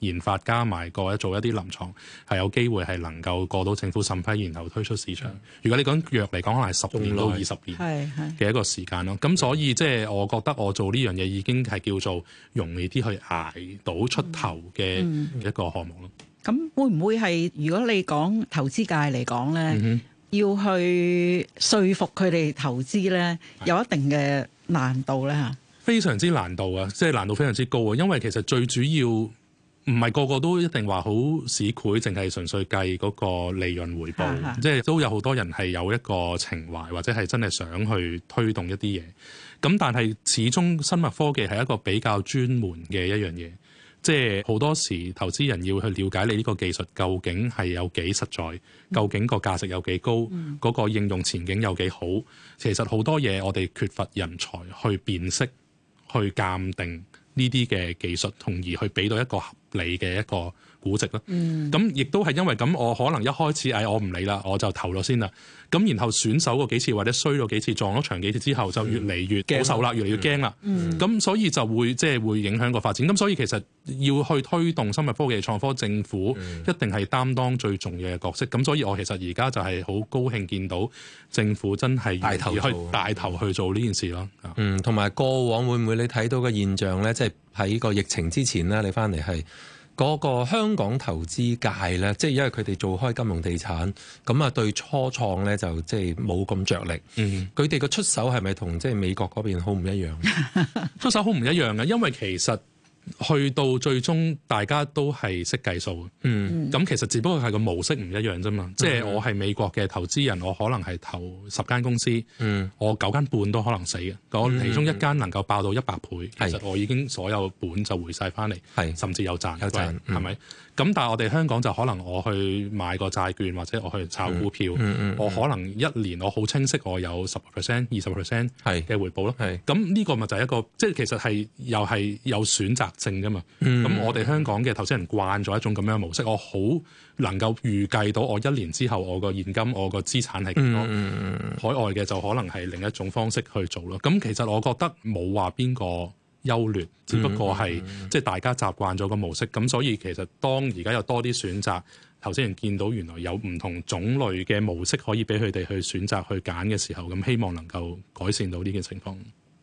研發加埋，個做一啲臨床，係有機會係能夠過到政府審批，然後推出市場。嗯、如果你講藥嚟講，可能係十年到二十年嘅一個時間咯。咁所以即係我覺得我做呢樣嘢已經係叫做容易啲去捱到出頭嘅一個項目咯。咁、嗯嗯、會唔會係如果你講投資界嚟講咧，嗯、哼要去說服佢哋投資咧，有一定嘅難度咧嚇是、嗯？非常之難度啊！即係難度非常之高啊，因為其實最主要。唔係個個都一定話好市儈，淨係純粹計嗰個利潤回報，即係都有好多人係有一個情懷或者係真係想去推動一啲嘢。咁但係始終生物科技係一個比較專門嘅一樣嘢，即係好多時投資人要去了解你呢個技術究竟係有幾實在，究竟個價值有幾高，嗰、嗯、個應用前景有幾好。其實好多嘢我哋缺乏人才去辨識去鑑定呢啲嘅技術，同而去俾到一個。你嘅一個。估值啦，咁亦都係因為咁，我可能一開始誒，我唔理啦，我就投咗先啦。咁然後選手嗰幾次或者衰咗幾次，撞咗場幾次之後，就越嚟越保守啦，嗯、越嚟越驚啦。咁、嗯嗯、所以就會即係、就是、會影響個發展。咁所以其實要去推動生物科技創科，政府一定係擔當最重要嘅角色。咁所以我其實而家就係好高興見到政府真係願意去帶頭去做呢件事咯。嗯，同埋、嗯、過往會唔會你睇到嘅現象呢？即係喺個疫情之前呢，你翻嚟係。嗰個香港投資界呢，即係因為佢哋做開金融地產，咁啊對初創呢就即係冇咁着力。嗯。佢哋個出手係咪同即係美國嗰邊好唔一樣？ 出手好唔一樣嘅，因為其實。去到最終，大家都係識計數嘅。嗯，咁其實只不過係個模式唔一樣啫嘛。即係我係美國嘅投資人，我可能係投十間公司，我九間半都可能死嘅。咁其中一間能夠爆到一百倍，其實我已經所有本就回晒翻嚟，甚至有賺有賺，係咪？咁但係我哋香港就可能我去買個債券或者我去炒股票，我可能一年我好清晰我有十個 percent、二十個 percent 嘅回報咯。係，咁呢個咪就係一個，即係其實係又係有選擇。正噶嘛？咁、嗯、我哋香港嘅投資人慣咗一種咁樣模式，我好能夠預計到我一年之後我個現金我個資產係幾多。嗯、海外嘅就可能係另一種方式去做咯。咁其實我覺得冇話邊個優劣，只不過係即係大家習慣咗個模式。咁所以其實當而家有多啲選擇，投資人見到原來有唔同種類嘅模式可以俾佢哋去選擇去揀嘅時候，咁希望能夠改善到呢個情況。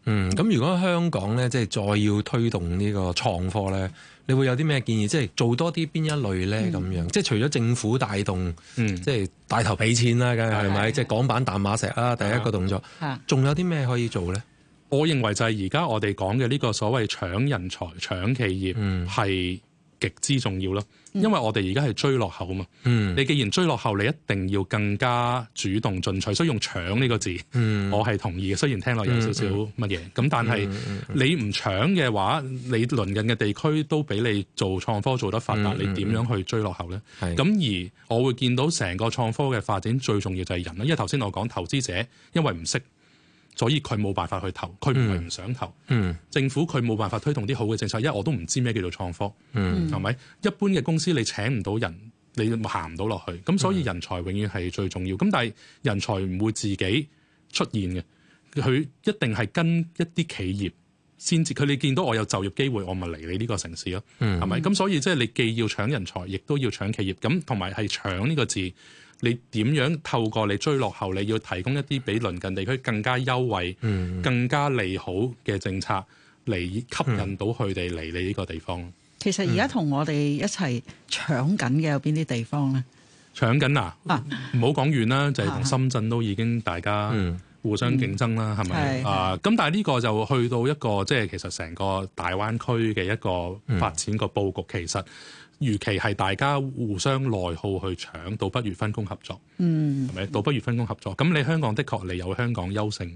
嗯，咁如果香港咧，即係再要推動個呢個創科咧，你會有啲咩建議？即係做多啲邊一類咧？咁樣、嗯、即係除咗政府帶動，嗯、即係帶頭俾錢啦，梗係咪？即係港版淡馬錫啦、啊。第一個動作。係。仲有啲咩可以做咧？是是是，我認為就係而家我哋講嘅呢個所謂搶人才、搶企業，係。嗯極之重要咯，因為我哋而家係追落後嘛。嗯、你既然追落後，你一定要更加主動進取，所以用搶呢個字，嗯、我係同意嘅。雖然聽落有少少乜嘢，咁但係你唔搶嘅話，你鄰近嘅地區都俾你做創科做得發達，嗯、你點樣去追落後咧？咁、嗯嗯、而我會見到成個創科嘅發展最重要就係人啦，因為頭先我講投資者因為唔識。所以佢冇辦法去投，佢唔係唔想投。嗯嗯、政府佢冇辦法推動啲好嘅政策，因為我都唔知咩叫做創科，係咪、嗯？一般嘅公司你請唔到人，你行唔到落去。咁所以人才永遠係最重要。咁、嗯、但係人才唔會自己出現嘅，佢一定係跟一啲企業先至。佢你見到我有就業機會，我咪嚟你呢個城市咯，係咪？咁、嗯、所以即係你既要搶人才，亦都要搶企業。咁同埋係搶呢個字。你點樣透過你追落後，你要提供一啲比鄰近地區更加優惠、嗯、更加利好嘅政策嚟吸引到佢哋嚟你呢個地方？其實而家同我哋一齊搶緊嘅有邊啲地方呢？搶緊啊！啊，唔好講遠啦，就係、是、同深圳都已經大家互相競爭啦，係咪？啊，咁吧、嗯呃、但係呢個就去到一個即係其實成個大灣區嘅一個發展個佈局，其實、嗯。與其係大家互相內耗去搶，倒不如分工合作，係咪、嗯？倒不如分工合作。咁你香港的確你有香港優勝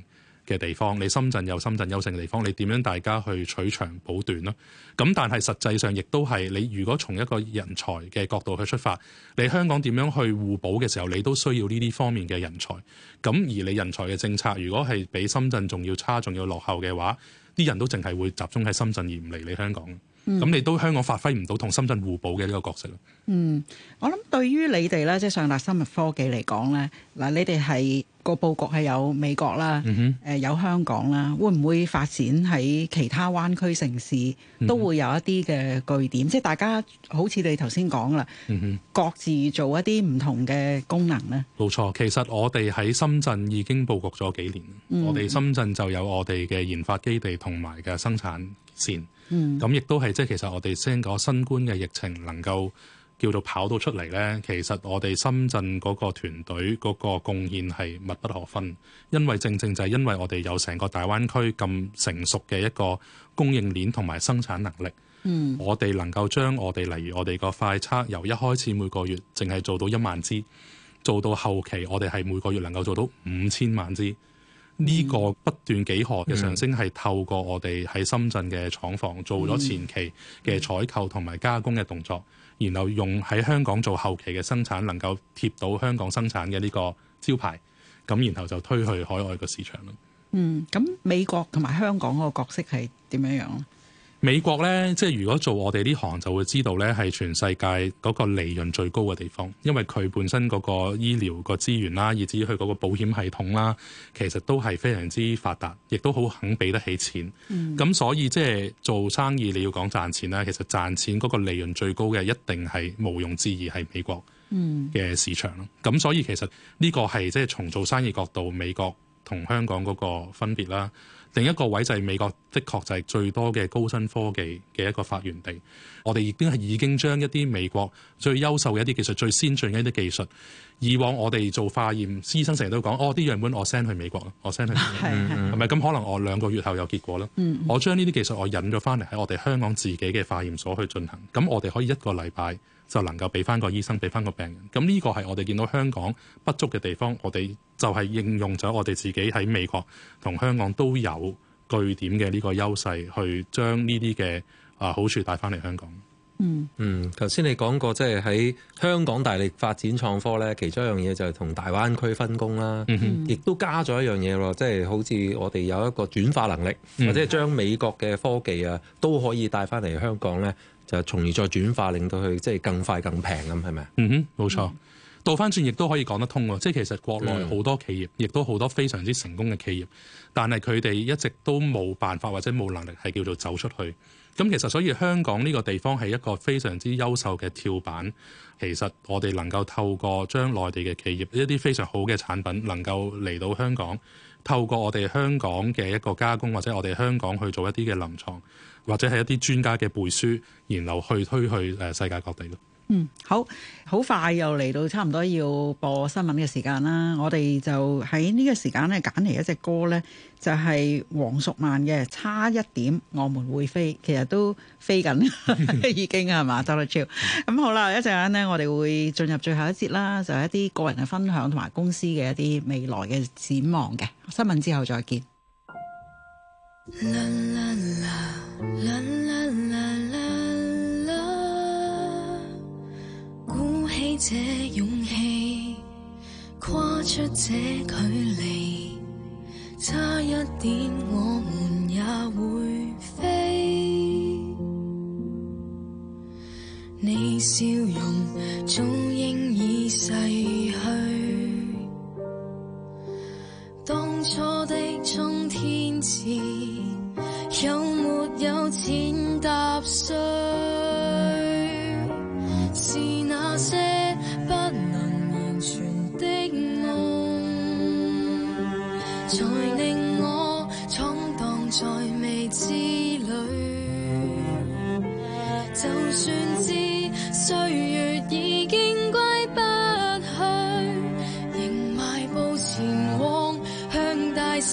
嘅地方，你深圳有深圳優勝嘅地方，你點樣大家去取長補短咯？咁但係實際上亦都係你如果從一個人才嘅角度去出發，你香港點樣去互補嘅時候，你都需要呢啲方面嘅人才。咁而你人才嘅政策，如果係比深圳仲要差、仲要落後嘅話，啲人都淨係會集中喺深圳而唔嚟你香港。咁、嗯、你都香港發揮唔到同深圳互補嘅呢個角色。嗯，我諗對於你哋咧，即係相達生物科技嚟講咧，嗱，你哋係、嗰個佈局係有美國啦，誒、嗯哼呃、有香港啦，會唔會發展喺其他灣區城市都會有一啲嘅據點？嗯、哼即係大家好似你頭先講啦，嗯、哼各自做一啲唔同嘅功能咧。冇錯、嗯，其實我哋喺深圳已經佈局咗幾年，嗯、哼我哋深圳就有我哋嘅研發基地同埋嘅生產線。咁亦都係即係其實我哋先個新冠嘅疫情能夠叫做跑到出嚟呢。其實我哋深圳嗰個團隊嗰個貢獻係密不可分，因為正正就係因為我哋有成個大灣區咁成熟嘅一個供應鏈同埋生產能力，嗯、我哋能夠將我哋例如我哋個快測由一開始每個月淨係做到一萬支，做到後期我哋係每個月能夠做到五千萬支。呢、嗯、個不斷幾何嘅上升係透過我哋喺深圳嘅廠房做咗前期嘅採購同埋加工嘅動作，然後用喺香港做後期嘅生產，能夠貼到香港生產嘅呢個招牌，咁然後就推去海外嘅市場咯。嗯，咁美國同埋香港嗰個角色係點樣樣？美國呢，即係如果做我哋呢行就會知道呢係全世界嗰個利潤最高嘅地方，因為佢本身嗰個醫療個資源啦，以至於佢嗰個保險系統啦，其實都係非常之發達，亦都好肯俾得起錢。咁、嗯、所以即係做生意，你要講賺錢啦，其實賺錢嗰個利潤最高嘅一定係毋庸置疑係美國嘅市場咯。咁、嗯、所以其實呢個係即係從做生意角度美國同香港嗰個分別啦，另一個位就係美國，的確就係最多嘅高新科技嘅一個發源地。我哋亦都係已經將一啲美國最優秀嘅一啲技術、最先進嘅一啲技術，以往我哋做化驗，醫生成日都講哦，啲樣本我 send 去美國啦，我 send 去美國，係咪？咁可能我兩個月後有結果啦。的我將呢啲技術我引咗翻嚟喺我哋香港自己嘅化驗所去進行，咁我哋可以一個禮拜，就能夠俾翻個醫生俾翻個病人，咁呢個係我哋見到香港不足嘅地方，我哋就係應用咗我哋自己喺美國同香港都有據點嘅呢個優勢，去將呢啲嘅啊好處帶翻嚟香港。嗯嗯，頭先、嗯、你講過即係喺香港大力發展創科呢，其中一樣嘢就係同大灣區分工啦，亦、嗯、哼都加咗一樣嘢咯，即係好似我哋有一個轉化能力，或者係將美國嘅科技啊都可以帶翻嚟香港呢。就從而再轉化，令到佢即係更快更、更平咁，係咪？嗯哼，冇錯。倒翻轉亦都可以講得通喎。即係其實國內好多企業，亦、嗯、都好多非常之成功嘅企業，但係佢哋一直都冇辦法或者冇能力係叫做走出去。咁其實所以香港呢個地方係一個非常之優秀嘅跳板。其實我哋能夠透過將內地嘅企業一啲非常好嘅產品，能夠嚟到香港，透過我哋香港嘅一個加工，或者我哋香港去做一啲嘅臨床。或者係一啲專家嘅背書，然後去推去誒世界各地咯。嗯，好好快又嚟到差唔多要播新聞嘅時間啦。我哋就喺呢個時間咧揀嚟一隻歌咧，就係、是、黃淑蔓嘅《差一點我們會飛》，其實都飛緊 已經係嘛 d o u b 咁好啦，一陣間呢，我哋會進入最後一節啦，就係、是、一啲個人嘅分享同埋公司嘅一啲未來嘅展望嘅，新聞之後，再見。啦啦啦啦啦啦啦啦！鼓起這勇氣，跨出這距離，差一點我們也會飛。你笑容早應已逝去。當初的衝天誌，有沒有淺踏碎？ 是那些不能言傳的夢， 才令我闖蕩在未知裏。 就算知，需。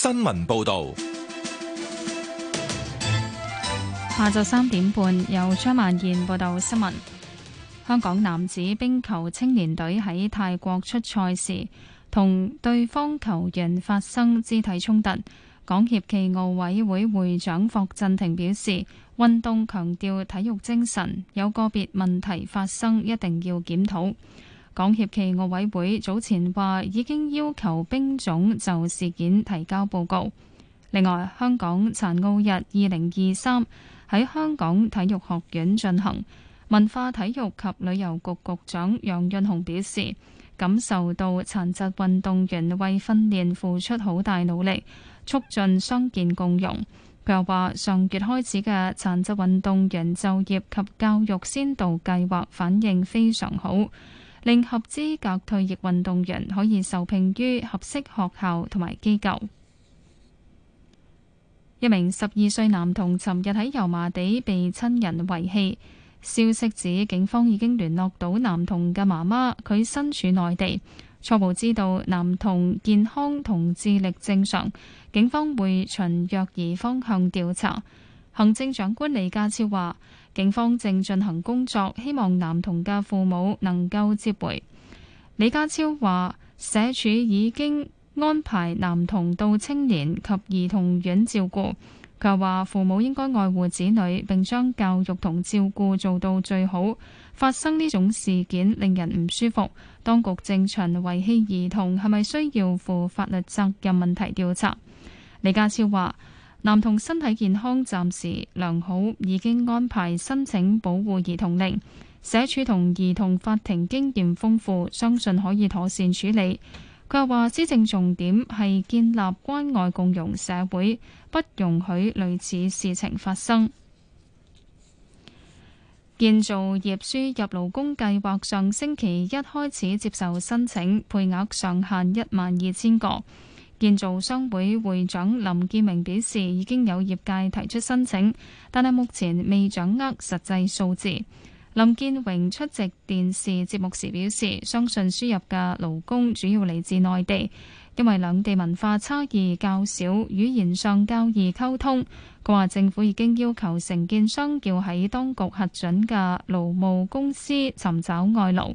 新聞報道。下晝三點半，由張曼燕報道新聞。香港男子冰球青年隊喺泰國出賽時，同對方球員發生肢體衝突。港協暨奧委會會長霍震霆表示，運動強調體育精神，有個別問題發生，一定要檢討。港協暨奧委會早前話已經要求兵總就事件提交報告。另外，香港殘奧日二零二三喺香港體育學院進行。文化體育及旅遊局，局局長楊潤雄表示，感受到殘疾運動員為訓練付出好大努力，促進相建共融。佢又話，上月開始嘅殘疾運動員就業及教育先導計劃反應非常好。令合資格退役運動員可以受聘於合適學校同埋機構。一名十二歲男童尋日喺油麻地被親人遺棄，消息指警方已經聯絡到男童嘅媽媽，佢身處內地，初步知道男童健康同智力正常，警方會循虐兒方向調查。.行政長官李家超話：警方正進行工作，希望男童嘅父母能夠接回。李家超話：社署已經安排男童到青年及兒童院照顧。佢話：父母應該愛護子女，並將教育同照顧做到最好。發生呢種事件令人唔舒服。當局正循遺棄兒童係咪需要負法律責任問題調查。李家超話。男童身體健康暫時良好，已經安排申請保護兒童令。社署同兒童法庭經驗豐富，相信可以妥善處理。佢又話：施政重點係建立關愛共融社會，不容許類似事情發生。建造業輸入勞工計劃上星期一開始接受申請，配額上限一萬二千個。建造商會會長林建榮表示，已經有業界提出申請，但係目前未掌握實際數字。林建榮出席電視節目時表示，相信輸入嘅勞工主要嚟自內地，因為兩地文化差異較少，語言上較易溝通。佢話政府已經要求承建商叫喺當局核准嘅勞務公司尋找外勞，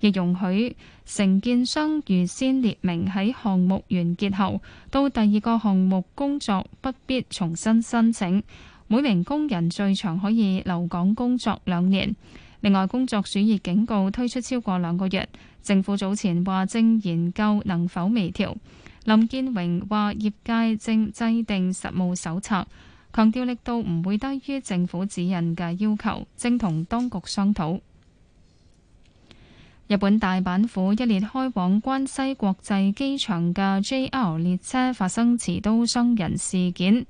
亦容許。承建商預先列明喺項目完結後，到第二個項目工作不必重新申請。每名工人最長可以留港工作兩年。另外，工作暑熱警告推出超過兩個月，政府早前話正研究能否微調。林建榮話業界正制定實務手冊，強調力度唔會低於政府指引嘅要求，正同當局商討。日本大阪府一列開往關西國際機場嘅 JR 列車發生持刀傷人事件，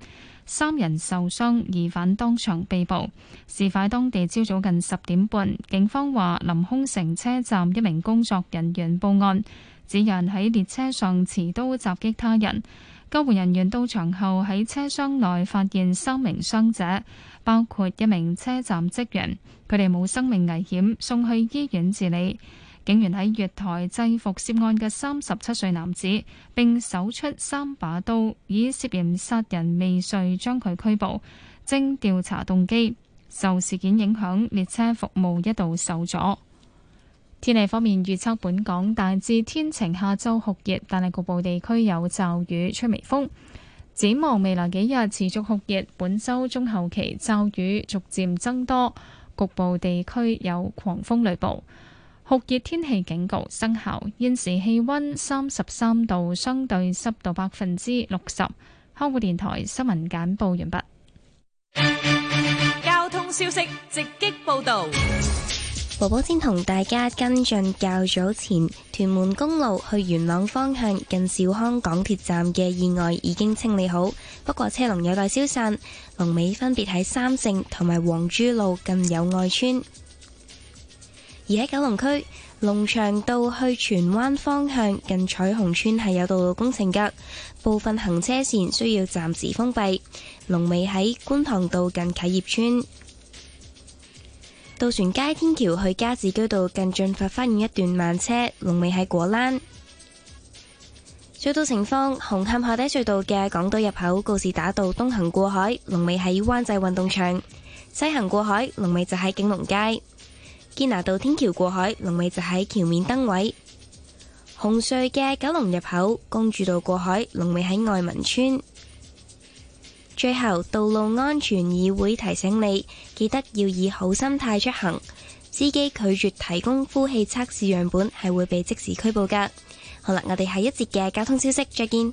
三人受傷，疑犯當場被捕。事發當地朝早近十點半，警方話臨空城車站一名工作人員報案，指人喺列車上持刀襲擊他人。救護人員到場後喺車廂內發現三名傷者，包括一名車站職員，佢哋冇生命危險，送去醫院治理。警員喺月台制服涉案嘅三十七歲男子，並搜出三把刀，以涉嫌殺人未遂將佢拘捕，正調查動機。受事件影響，列車服務一度受阻。天氣方面預測，預測本港大致天晴，下周酷熱，但係局部地區有驟雨，吹微風。展望未來幾日持續酷熱，本周中後期驟雨逐漸增多，局部地區有狂風雷暴。酷熱天氣警告生效，現時氣溫三十三度，相對濕度百分之六十。香港電台新聞簡報完畢。交通消息直擊報道，寶寶先同大家跟進較早前屯門公路去元朗方向近兆康港鐵站嘅意外已經清理好，不過車龍有待消散。龍尾分別喺三聖同埋黃珠路近友愛村。而喺九龍區龍翔道去荃灣方向，近彩虹村係有道路工程噶，部分行車線需要暫時封閉。龍尾喺觀塘道近啟業村。渡船街天橋去加士居道近駿發，發現一段慢車，龍尾喺果欄。隧道情況，紅磡海底隧道嘅港島入口告士打道東行過海，龍尾喺灣仔運動場；西行過海，龍尾就喺景隆街。堅拿道天橋過海，龍尾就喺橋面燈位；紅隧嘅九龍入口公主道過海，龍尾喺外文村。最後，道路安全議會提醒你，記得要以好心態出行。司機拒絕提供呼氣測試樣本係會被即時拘捕噶。好啦，我哋下一節嘅交通消息，再見。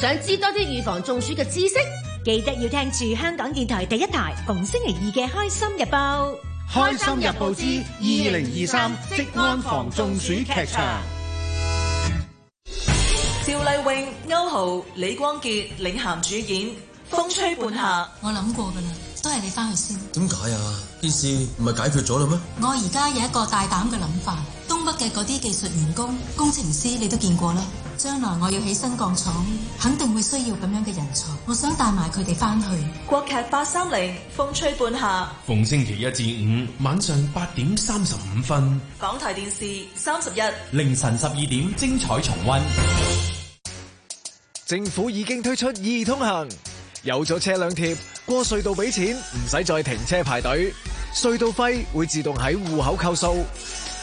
想知多啲預防中暑嘅知識，記得要聽住香港電台第一台，逢星期二嘅《開心日報》。開心日報之二零二三即安防中，中暑劇，劇場。趙麗穎、歐豪、李光潔領銜主演。風吹半夏，我諗過噶啦，都係你翻去先。點解啊？件事唔係解決咗啦咩？我而家有一個大膽嘅諗法。嘅嗰啲技術員工、工程師，你都見過啦。將來我要起新鋼廠，肯定會需要咁樣嘅人才。我想帶埋佢哋翻去。國劇八三零，風吹半夏。逢星期一至五晚上八點三十五分，港台電視三十一，凌晨十二點精彩重溫。政府已經推出易通行，有咗車輛貼，過隧道俾錢，唔使再停車排隊，隧道費會自動喺戶口扣數。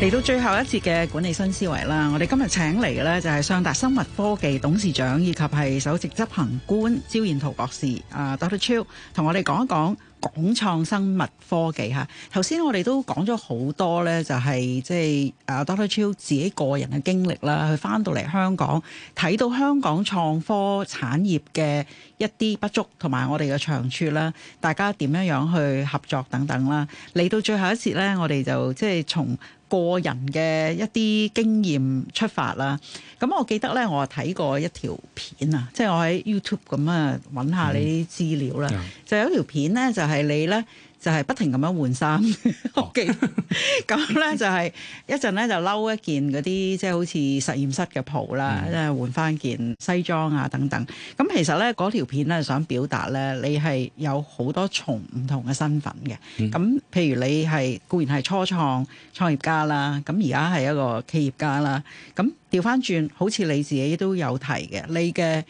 嚟到最後一節嘅管理新思維啦！我哋今日請嚟嘅咧就係相達生物科技董事長以及係首席執行官招彥燾博士啊，Doctor Chiu 同我哋講一講港創生物科技嚇。頭先我哋都講咗好多咧，就係即係啊，Doctor Chiu 自己個人嘅經歷啦。佢返到嚟香港睇到香港創科產業嘅一啲不足，同埋我哋嘅長處啦，大家點樣樣去合作等等啦。嚟到最後一節咧，我哋就即係從個人嘅一啲經驗出發啦，咁我記得咧，我睇過一條片啊，即係我喺 YouTube 咁啊揾下你啲資料啦，嗯嗯、就有一條片咧，就係你咧。就係不停咁 Okay.、哦、 樣換衫，咁咧就係、是、一陣咧就嬲一件嗰啲即係好似實驗室嘅袍啦，即係、嗯、換翻件西裝啊等等。咁其實咧嗰條片咧想表達咧，你係有好多重唔同嘅身份嘅。咁譬如你係固然係初創創業家啦，咁而家係一個企業家啦。咁調翻轉，好似你自己都有提嘅，你嘅，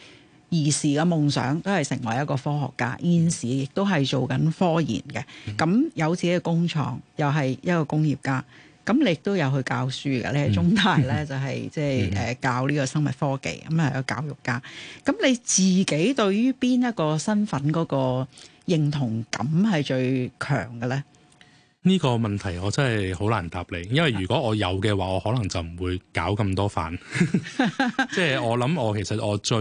兒時嘅夢想都係成為一個科學家，現時亦都係做緊科研嘅。咁有自己嘅工廠，又係一個工業家。咁你亦都有去教書嘅，你喺中大咧就係即係誒教呢個生物科技，咁係一個教育家。咁你自己對於邊一個身份嗰個認同感係最強嘅咧？呢個問題我真係好難答你，因為如果我有嘅話，我可能就唔會搞咁多飯。即 係我諗，我其實我最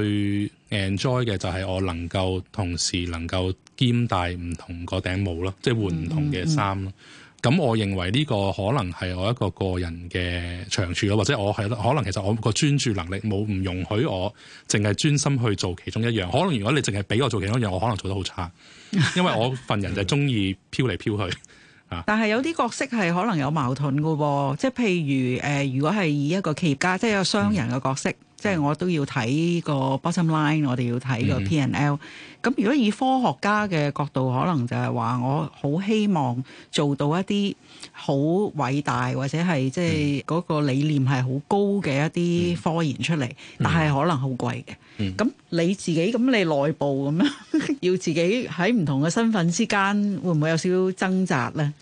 enjoy 嘅就係我能夠同時能夠兼戴唔同個頂帽咯，即係換唔同嘅衫咯。咁、嗯嗯嗯嗯、我認為呢個可能係我一個個人嘅長處咯，或者我係可能其實我個專注能力冇唔容許我淨係專心去做其中一樣。可能如果你淨係俾我做其中一樣，我可能做得好差，因為我份人就係中意飄嚟飄去。 但係有啲角色係可能有矛盾嘅，即係譬如誒、呃、如果係以一個企業家，嗯、即係一個商人嘅角色。即係我都要睇個 bottom line，我哋要睇個 P and L。咁如果以科學家嘅角度，可能就係話我好希望做到一啲好偉大或者係即係嗰個理念係好高嘅一啲科研出嚟，但係可能好貴嘅。咁你自己咁你內部咁樣要自己喺唔同嘅身份之間，會唔會有少少掙扎咧？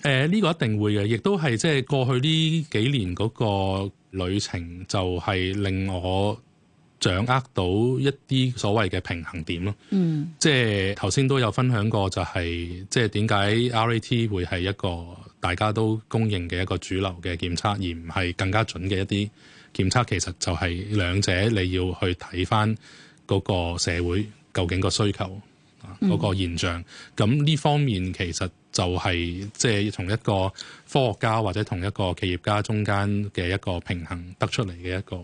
誒，呢個一定會嘅，亦都係即係過去呢幾年嗰個。旅程就係令我掌握到一啲所謂嘅平衡點咯，嗯，即係頭先都有分享過，就係，就係即係點解 RAT 會係一個大家都公認嘅一個主流嘅檢測，而唔係更加準嘅一啲檢測，其實就係兩者你要去睇翻嗰個社會究竟個需求，嗯，啊，嗰，嗰個現象。咁呢方面其實。就係即係從一個科學家或者同一個企業家中間嘅一個平衡得出嚟嘅一個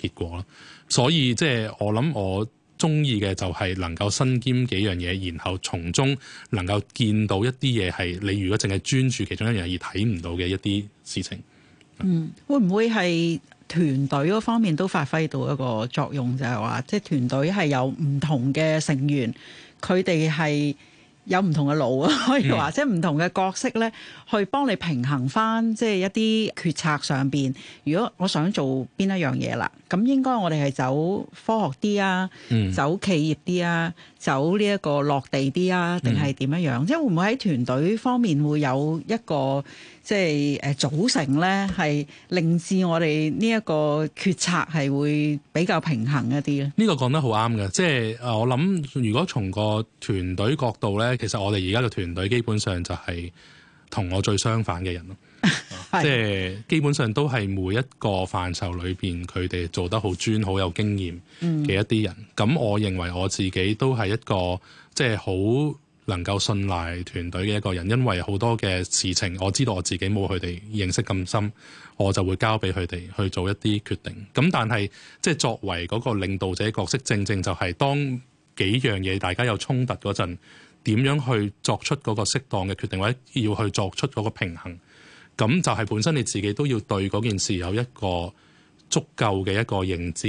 結果咯。所以即係我諗我中意嘅就係能夠身兼幾樣嘢，然後從中能夠見到一啲嘢係你如果淨係專注其中一樣嘢而睇唔到嘅一啲事情。嗯，會唔會係團隊嗰方面都發揮到一個作用就？就係話即係團隊係有唔同嘅成員，佢哋係。有唔同嘅路啊，可以或者唔同嘅角色咧，去幫你平衡翻，即係一啲決策上邊。如果我想做邊一樣嘢啦，咁應該我哋係走科學啲啊，mm. 走企業啲啊。走呢一個落地啲啊，定係點樣樣？嗯、即係會唔會喺團隊方面會有一個即係誒組成咧，係令至我哋呢一個決策係會比較平衡一啲咧？呢、嗯、個講得好啱嘅，即係誒我諗，如果從個團隊角度咧，其實我哋而家嘅團隊基本上就係同我最相反嘅人咯。即 係基本上都係每一個範疇裏邊，佢哋做得好專，好有經驗嘅一啲人。咁、嗯、我認為我自己都係一個即係好能夠信賴團隊嘅一個人。因為好多嘅事情我知道我自己冇佢哋認識咁深，我就會交俾佢哋去做一啲決定。咁但係即係作為嗰個領導者角色，正正就係當幾樣嘢大家有衝突嗰陣，點樣去作出嗰個適當嘅決定，或者要去作出嗰個平衡。咁就係本身你自己都要對嗰件事有一個足夠嘅一個認知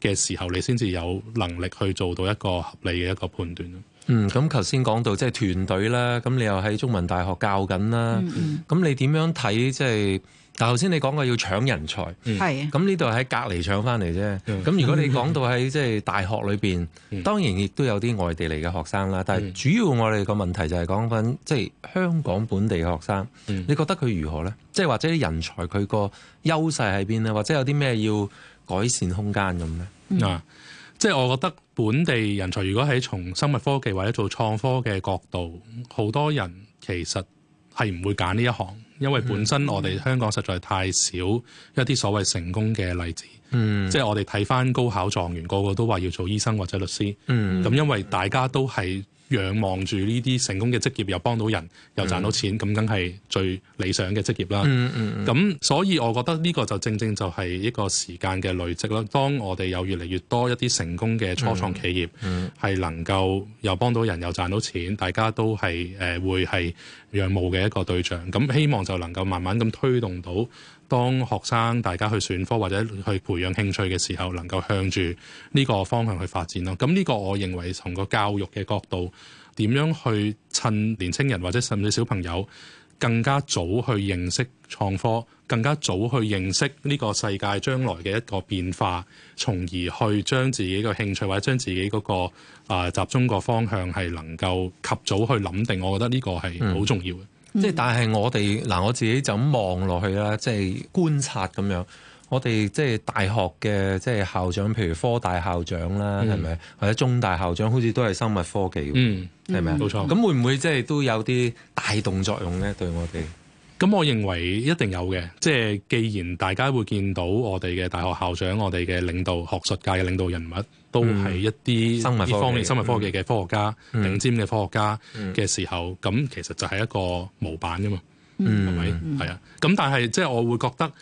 嘅時候，你先至有能力去做到一個合理嘅一個判斷咯。嗯，咁頭先講到即係團隊啦，咁、就是、你又喺中文大學教緊啦，咁、嗯、你點樣睇即係？就是但頭先你講過要搶人才，係咁呢度喺隔離搶翻嚟啫。咁、嗯、如果你講到喺即係大學裏邊，嗯、當然亦都有啲外地嚟嘅學生啦。嗯、但係主要我哋個問題就係講緊即係香港本地嘅學生，嗯、你覺得佢如何呢？即係或者人才佢個優勢喺邊呢？或者有啲咩要改善空間咁呢？啊、嗯，嗯、即係我覺得本地人才如果喺從生物科技或者做創科嘅角度，好多人其實係唔會揀呢一行。因為本身我哋香港實在太少一啲所謂成功嘅例子，嗯、即係我哋睇返高考狀元，個個都話要做醫生或者律師，咁、嗯、因為大家都係仰望住呢啲成功嘅職業，又幫到人，又賺到錢，咁梗係最理想嘅職業啦。咁、mm hmm. 所以我覺得呢個就正正就係一個時間嘅累積啦。當我哋有越嚟越多一啲成功嘅初創企業，係、mm hmm. 能夠又幫到人又賺到錢，大家都係誒、呃、會係仰慕嘅一個對象。咁希望就能夠慢慢咁推動到。當學生大家去選科或者去培養興趣嘅時候，能夠向住呢個方向去發展咯。咁呢個我認為從個教育嘅角度，點樣去趁年青人或者甚至小朋友更加早去認識創科，更加早去認識呢個世界將來嘅一個變化，從而去將自己嘅興趣或者將自己嗰個啊集中個方向係能夠及早去諗定，我覺得呢個係好重要嘅。嗯即係，嗯、但係我哋嗱、啊，我自己就咁望落去啦，即係觀察咁樣。我哋即係大學嘅即係校長，譬如科大校長啦，係咪、嗯？或者中大校長，好似都係生物科技，係咪啊？冇錯。咁、嗯、會唔會即係都有啲帶動作用咧？對我哋，咁我認為一定有嘅。即係既然大家會見到我哋嘅大學校長，我哋嘅領導、學術界嘅領導人物。都係一啲呢方面生物科技嘅科學家、嗯、頂尖嘅科學家嘅時候，咁、嗯、其實就係一個模板啫嘛，係咪？係啊，咁但係即係我會覺得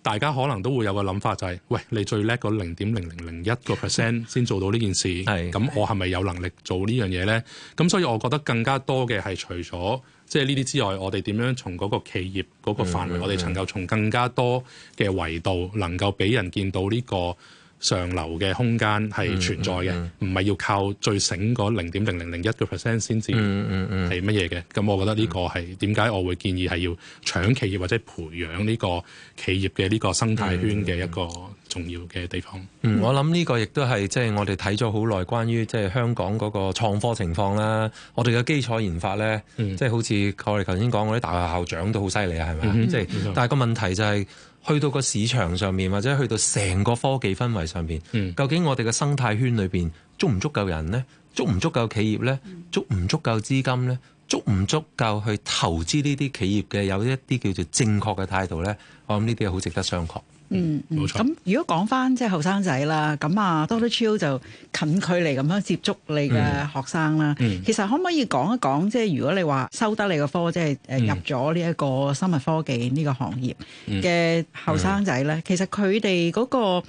大家可能都會有個諗法、就係，就係喂，你最叻個零點零零零一個 percent 先做到呢件事，咁是我係咪有能力做呢樣嘢咧？咁是所以我覺得更加多嘅係除咗即係呢啲之外，我哋點樣從嗰個企業嗰個範圍，嗯、我哋能夠從更加多嘅維度，能夠俾人見到呢、呢個。上流嘅空間係存在嘅，唔係、嗯嗯、要靠最醒嗰零點零零零一個 percent 先至係乜嘢嘅。咁、嗯嗯嗯、我覺得呢個係點解我會建議係要搶企業或者培養呢個企業嘅呢個生態圈嘅一個重要嘅地方。嗯嗯、我諗呢個亦都係即係我哋睇咗好耐關於即係香港嗰個創科情況啦，我哋嘅基礎研發咧，即係、嗯、好似我哋頭先講嗰啲大學校長都好犀利啊，係咪？即係，但係個問題就係、是。去到個市場上面，或者去到成個科技氛圍上面，究竟我哋嘅生態圈裏面足唔足夠人呢？足唔足夠企業呢？足唔足夠資金呢？足唔足夠去投資呢啲企業嘅有一啲叫做正確嘅態度呢？我諗呢啲係好值得商榷。嗯，冇、嗯、沒錯。咁如果講返即係後生仔啦，咁、就是、啊 Doctor Chiu 就近距離咁樣接觸你嘅學生啦。嗯嗯、其實可唔可以講一講，即係如果你話收得你嘅科，即係誒入咗呢一個生物科技呢個行業嘅後生仔咧，其實佢哋嗰個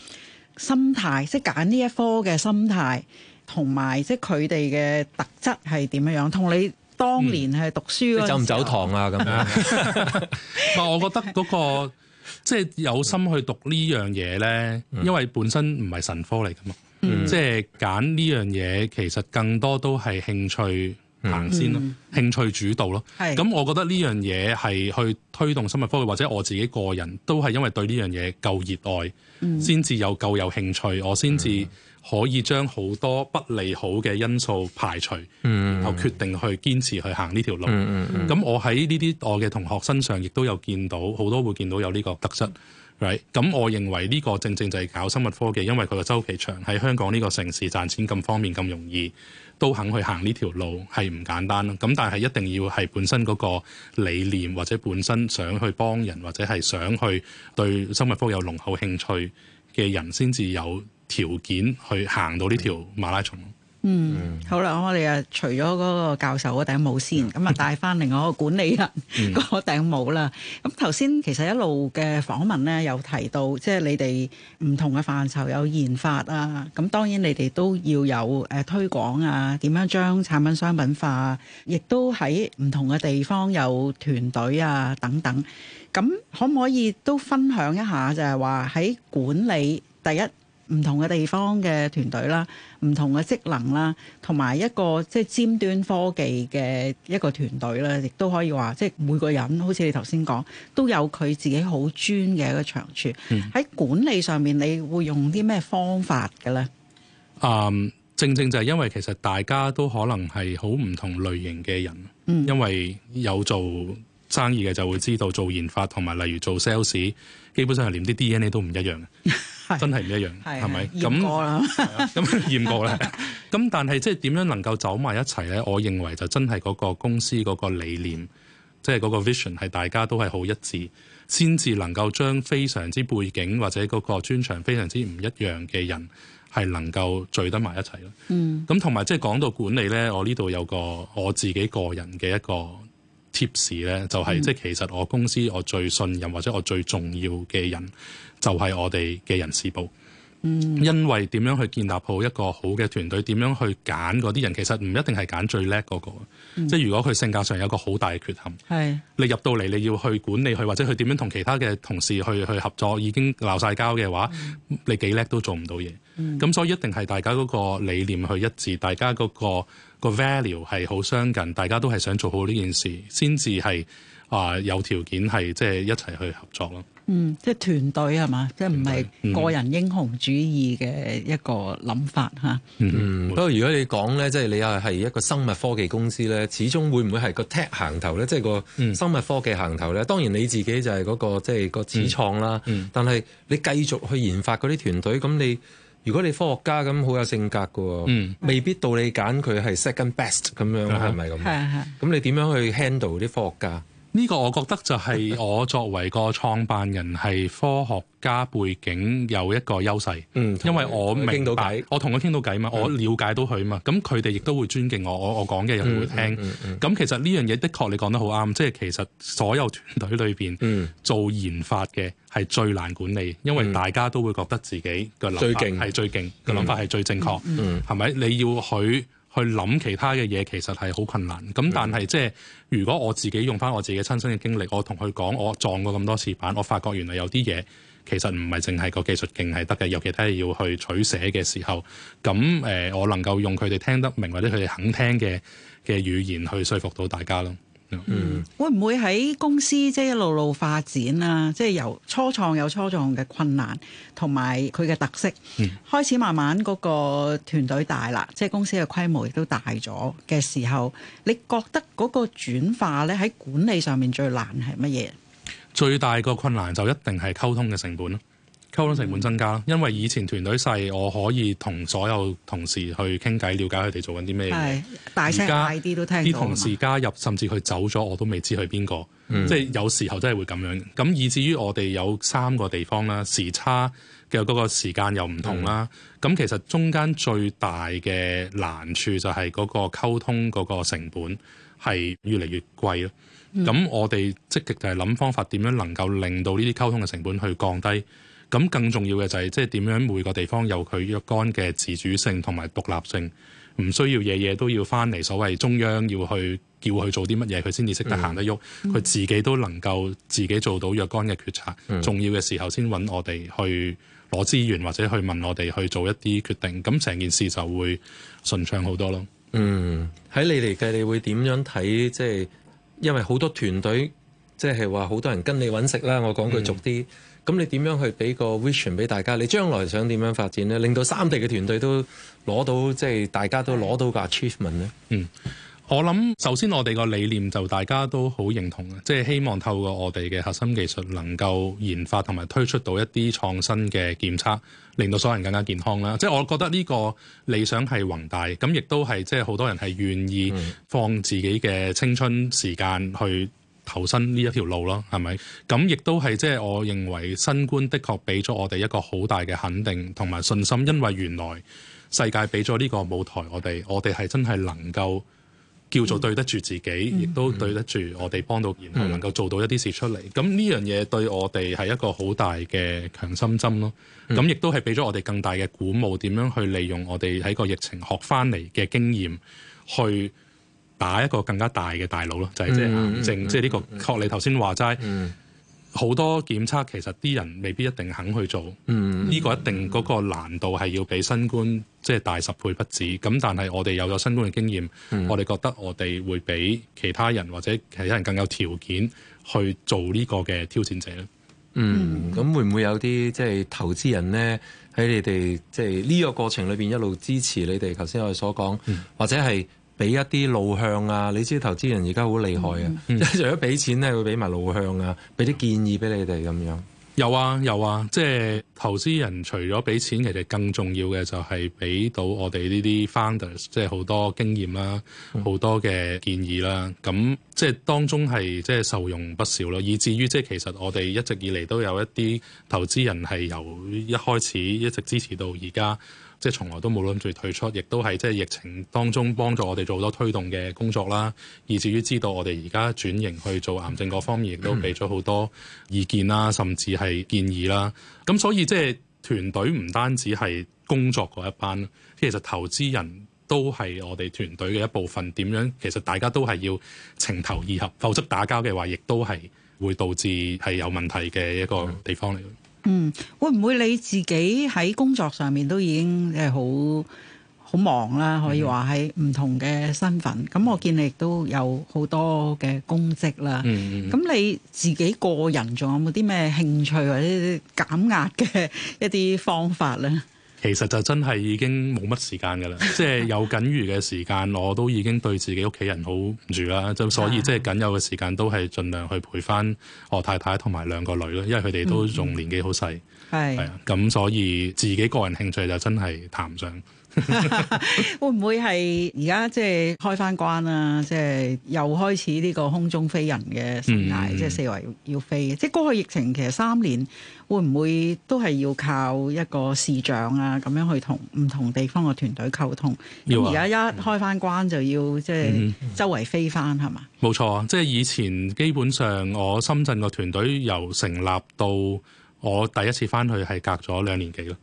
心態，即係揀呢一科嘅心態，同埋即係佢哋嘅特質係點樣樣，同你當年係讀書、嗯嗯、走唔走堂啊咁樣。 我覺得嗰、那個。即係有心去讀呢樣嘢呢，因為本身唔係神科嚟噶嘛，即係揀呢樣嘢其實更多都係興趣先行先咯，嗯、興趣主導咯。咁、嗯、我覺得呢樣嘢係去推動生物科技，或者我自己個人都係因為對呢樣嘢夠熱愛，先至、嗯、有夠有興趣，我先至、嗯。嗯可以將好多不利好嘅因素排除，然後決定去堅持去行呢條路。咁 我喺呢啲我嘅同學身上，亦都有見到好多會見到有呢個特質。咁、right? 我認為呢個正正就係搞生物科技，因為佢個周期長，喺香港呢個城市賺錢咁方便咁容易，都肯去行呢條路係唔簡單咯。咁但係一定要係本身嗰個理念，或者本身想去幫人，或者係想去對生物科技有濃厚興趣嘅人，先至有條件去行到呢條馬拉松。嗯，嗯好啦，我哋啊，除咗嗰個教授嗰頂帽先，咁啊、嗯，就帶翻另外一個管理人嗰頂帽啦。咁頭先其實一路嘅訪問咧，有提到即係你哋唔同嘅範疇有研發啊，咁當然你哋都要有誒推廣啊，點樣將產品商品化，亦都喺唔同嘅地方有團隊啊等等。咁可唔可以都分享一下，就係話喺管理第一？唔同嘅地方嘅團隊啦，唔同嘅職能啦，同埋一個即係尖端科技嘅一個團隊啦，亦都可以話即係每個人，好似你頭先講，都有佢自己好專嘅一個長處。喺、嗯、管理上面，你會用啲咩方法嘅咧？嗯，正正就係因為其實大家都可能係好唔同類型嘅人，嗯、因為有做生意嘅就會知道做研發同埋例如做 sales，基本上係連啲 DNA 都唔一樣嘅，真係唔一樣，係咪？ 咁咁、 啊、吧驗過咧？咁 但係即係點樣能夠走埋一齊呢？我認為就真係嗰個公司嗰個理念，即係嗰個 vision 係大家都係好一致，先至能夠將非常之背景或者嗰個專長非常之唔一樣嘅人，係能夠聚得埋一齊咯。嗯。咁同埋即係講到管理呢，我呢度有個我自己個人嘅一個貼士咧，就係即係其實我公司我最信任或者我最重要嘅人，就係、是、我哋嘅人事部。嗯，因為點樣去建立好一個好嘅團隊，點樣去揀嗰啲人，其實唔一定係揀最叻嗰、那個。嗯、即係如果佢性格上有個好大嘅缺陷，係是你入到嚟你要去管理佢，或者佢點樣同其他嘅同事去去合作，已經鬧晒交嘅話，嗯、你幾叻都做唔到嘢。咁、嗯、所以一定係大家嗰個理念去一致，大家嗰個。個 value 係好相近，大家都係想做好呢件事，先至係啊有條件係即係一齊去合作咯。嗯，即係團隊係嘛，團隊，即係唔係個人英雄主義嘅一個諗法嚇。嗯，不過、嗯嗯、如果你講咧，即係你又係一個生物科技公司咧，始終會唔會係個 tech 行頭咧？即係個生物科技行頭咧。當然你自己就係嗰個即係個始創啦。嗯嗯、但係你繼續去研發嗰啲團隊，咁你。如果你科學家咁好有性格嘅，嗯、未必到你揀佢係 second best 咁樣，係咪咁？咁你點樣去 handle 啲科學家？呢個我覺得就係我作為個創辦人係科學家背景有一個優勢，嗯、因為我明白我同佢傾到偈嘛，嗯、我了解到佢嘛，咁佢哋亦都會尊敬我，我我講嘅人佢會聽。咁、嗯嗯嗯嗯、其實呢樣嘢的確你講得好啱，即、就、係、是、其實所有團隊裏邊做研發嘅係最難管理，嗯、因為大家都會覺得自己嘅諗法係最勁，嘅諗、嗯、法係最正確，係咪、嗯嗯？你要佢。去諗其他嘅嘢其實係好困難，咁但係即係如果我自己用翻我自己親身嘅經歷，我同佢講，我撞過咁多次板，我發覺原來有啲嘢其實唔係淨係個技術勁係得嘅，尤其係要去取捨嘅時候，咁誒、呃、我能夠用佢哋聽得明或者佢哋肯聽嘅嘅語言去說服到大家咯。嗯、會唔會喺公司即係一路路發展啊？即係由初創有初創嘅困難，同埋佢嘅特色，嗯、開始慢慢嗰個團隊大啦，即係公司嘅規模亦都大咗嘅時候，你覺得嗰個轉化呢喺管理上面最難係乜嘢？最大個困難就一定係溝通嘅成本。溝通成本增加，嗯、因為以前團隊細，我可以同所有同事去傾偈，了解佢哋做緊啲咩嘢。而家啲同事加入，甚至佢走咗，我都未知佢邊個。嗯、即係有時候真係會咁樣。咁以至於我哋有三個地方啦，時差嘅嗰個時間又唔同啦。咁、嗯、其實中間最大嘅難處就係嗰個溝通嗰個成本係越嚟越貴咯。咁、嗯、我哋積極就係諗方法，點樣能夠令到呢啲溝通嘅成本去降低。咁更重要嘅就係即係點樣每個地方有佢若干嘅自主性同埋獨立性，唔需要夜夜都要翻嚟，所謂中央要去叫佢做啲乜嘢，佢先至識得行得喐。佢、嗯、自己都能夠自己做到若干嘅決策，嗯、重要嘅時候先揾我哋去攞資源或者去問我哋去做一啲決定。咁成件事就會順暢好多咯。嗯，喺你嚟計，你會點樣睇？即係因為好多團隊，即係話好多人跟你揾食啦。我講句俗啲。嗯咁你點樣去俾個 vision 俾大家？你將來想點樣發展呢？令到三地嘅團隊都攞到，即係大家都攞到個 achievement 呢？嗯，我諗首先我哋個理念就大家都好認同嘅，即係希望透過我哋嘅核心技術能夠研發同埋推出到一啲創新嘅檢測，令到所有人更加健康啦。即係我覺得呢個理想係宏大，咁亦都係即係好多人係願意放自己嘅青春時間去投身呢一條路咯，係咪？咁亦都係即係我認為新冠的確俾咗我哋一個好大嘅肯定同埋信心，因為原來世界俾咗呢個舞台我哋，我哋係真係能夠叫做對得住自己，亦、嗯、都對得住我哋幫到，然後能夠做到一啲事出嚟。咁呢、嗯、樣嘢對我哋係一個好大嘅強心針咯。咁亦都係俾咗我哋更大嘅鼓舞，點樣去利用我哋喺個疫情學翻嚟嘅經驗去。打一個更加大嘅大佬咯，就係、是嗯嗯嗯、即係癌即係呢個確。你頭先話齋，好、嗯、多檢測其實啲人未必一定肯去做。呢、嗯、個一定嗰個難度係要比新冠，即、就、係、是、大十倍不止。咁但係我哋有咗新冠嘅經驗，嗯、我哋覺得我哋會比其他人或者其他人更有條件去做呢個嘅挑戰者咧。嗯，咁會唔會有啲即係投資人咧喺你哋即係呢個過程裏邊一路支持你哋？頭先我哋所講，或者係。俾一啲路向啊！你知投資人而家好厲害啊！即係、嗯、除咗俾錢咧，會俾埋路向啊，俾啲建議俾你哋咁樣。有啊，有啊有啊，即係投資人除咗俾錢，其實更重要嘅就係俾到我哋呢啲 founders，即係好多經驗啦，好多嘅建議啦。咁即係當中係即係受用不少咯。以至於即係其實我哋一直以嚟都有一啲投資人係由一開始一直支持到而家。即係從來都冇諗住退出，亦都係即係疫情當中幫助我哋做好多推動嘅工作啦。以至於知道我哋而家轉型去做癌症嗰方面，亦都俾咗好多意見啦，甚至係建議啦。咁所以即係團隊唔單止係工作嗰一班，其實投資人都係我哋團隊嘅一部分。點樣其實大家都係要情投意合，否則打交嘅話，亦都係會導致係有問題嘅一個地方嚟。嗯，會唔會你自己喺工作上面都已經係好好忙啦？可以話係唔同嘅身份，咁、mm hmm. 我見你亦都有好多嘅功績啦。咁、mm hmm. 你自己個人仲有冇啲咩興趣或者減壓嘅一啲方法咧？其實就真係已經冇乜時間㗎啦， 即係有僅餘嘅時間，我都已經對自己屋企人好唔住啦，就 所以即係僅有嘅時間都係盡量去陪翻我太太同埋兩個女咯，因為佢哋都仲年紀好細，係 的，咁所以自己個人興趣就真係談唔上。 會唔會係而家即係開翻關啊？即係又開始呢個空中飛人嘅生涯，嗯、即係四圍要飛。即係過去疫情其實三年，會唔會都係要靠一個視像啊咁樣去同唔同地方嘅團隊溝通？而家、啊、一開翻關就要即係周圍飛翻係嘛？冇錯啊！即係以前基本上我深圳個團隊由成立到我第一次翻去係隔咗兩年幾咯。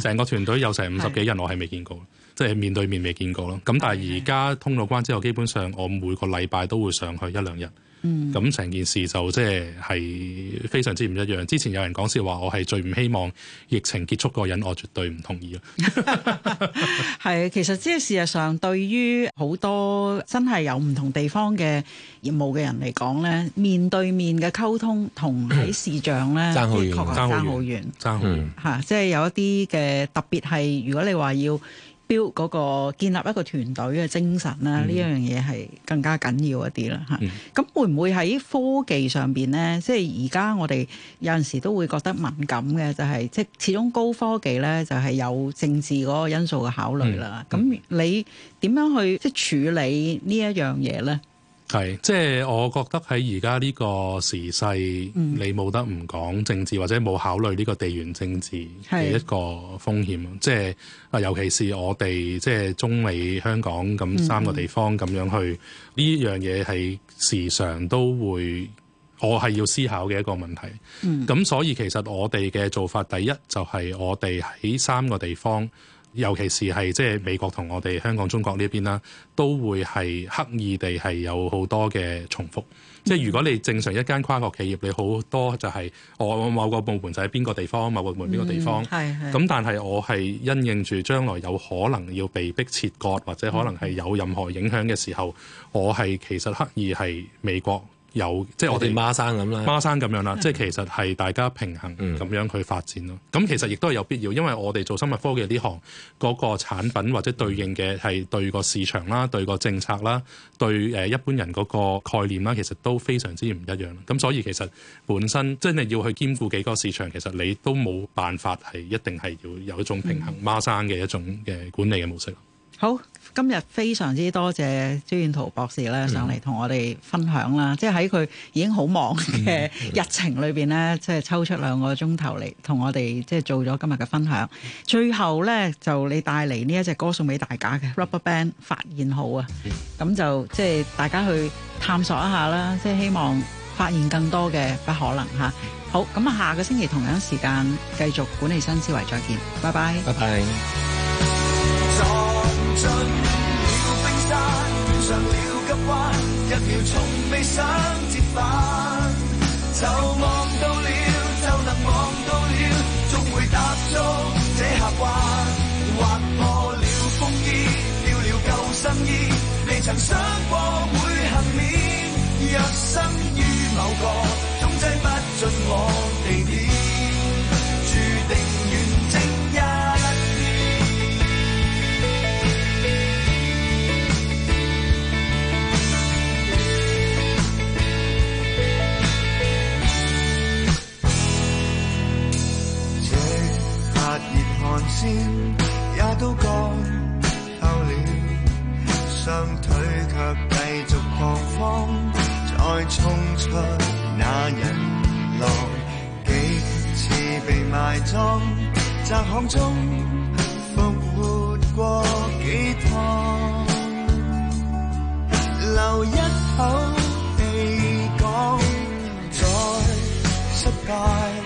成 個團隊有成五十幾人，我係未見過， 即係面對面未見過咯。咁但係而家通咗關之後，基本上我每個禮拜都會上去一兩日。嗯、咁成件事就即係非常之唔一樣。之前有人講笑話說我係最唔希望疫情結束個人，我絕對唔同意啊。係， 其實即係事實上，對於好多真係有唔同地方嘅業務嘅人嚟講咧，面對面嘅溝通同喺視像咧，爭好 遠，爭好遠，爭好遠嚇、嗯。即係有一啲嘅特別係，如果你話要。標嗰個建立一個團隊嘅精神啦，呢一樣嘢係更加緊要一啲啦嚇。咁、嗯、會唔會喺科技上邊咧？即係而家我哋有陣時都會覺得敏感嘅，就係、是、即係始終高科技咧，就係有政治嗰個因素嘅考慮啦。咁、嗯、你點樣去即係處理呢一樣嘢咧？係，即係我覺得喺而家呢個時勢，嗯、你冇得唔講政治，或者冇考慮呢個地緣政治嘅一個風險。是即係啊，尤其是我哋即係中、美、香港咁三個地方咁樣去，呢、嗯、樣嘢係時常都會，我係要思考嘅一個問題。咁、嗯、所以其實我哋嘅做法，第一就係我哋喺三個地方。尤其是係即係美國同我哋香港中國呢邊啦，都會係刻意地係有好多嘅重複。嗯、即係如果你正常一間跨國企業，你好多就係我某個部門就喺邊個地方，某個部門邊個地方。係係、嗯。咁但係我係因應住將來有可能要被迫切割，或者可能係有任何影響嘅時候，嗯、我係其實刻意係美國。有即係我哋孖生咁啦，孖生咁樣啦，即係其實係大家平衡咁樣去發展咯。咁、嗯、其實亦都係有必要，因為我哋做生物科技呢行嗰、嗯、個產品或者對應嘅係對個市場啦、對個政策啦、對誒一般人嗰個概念啦，其實都非常之唔一樣。咁所以其實本身，即係你要去兼顧幾個市場，其實你都冇辦法係一定係要有一種平衡孖、嗯、生嘅一種嘅管理嘅模式。好。今日非常之多謝招彥燾博士咧上嚟同我哋分享啦，即係喺佢已經好忙嘅日程裏邊咧，即係抽出兩個鐘頭嚟同我哋即係做咗今日嘅分享。最後咧就你帶嚟呢一隻歌送俾大家嘅 RubberBand，發現，好啊，咁就即係大家去探索一下啦，即係希望發現更多嘅不可能嚇。好，咁啊下個星期同樣時間繼續管理新思維，再見，拜拜，拜拜。一秒從未想折返，就望到了，就能望到了，總會踏足這客關。劃破了風衣，掉了救生衣，未曾想過會幸免，一生於某個，總擠不進我地點。肩也都乾透了，雙腿卻繼續狂風，再衝出那人浪，幾次被埋葬，窄巷中復活過幾趟，留一口氣講，再失敗。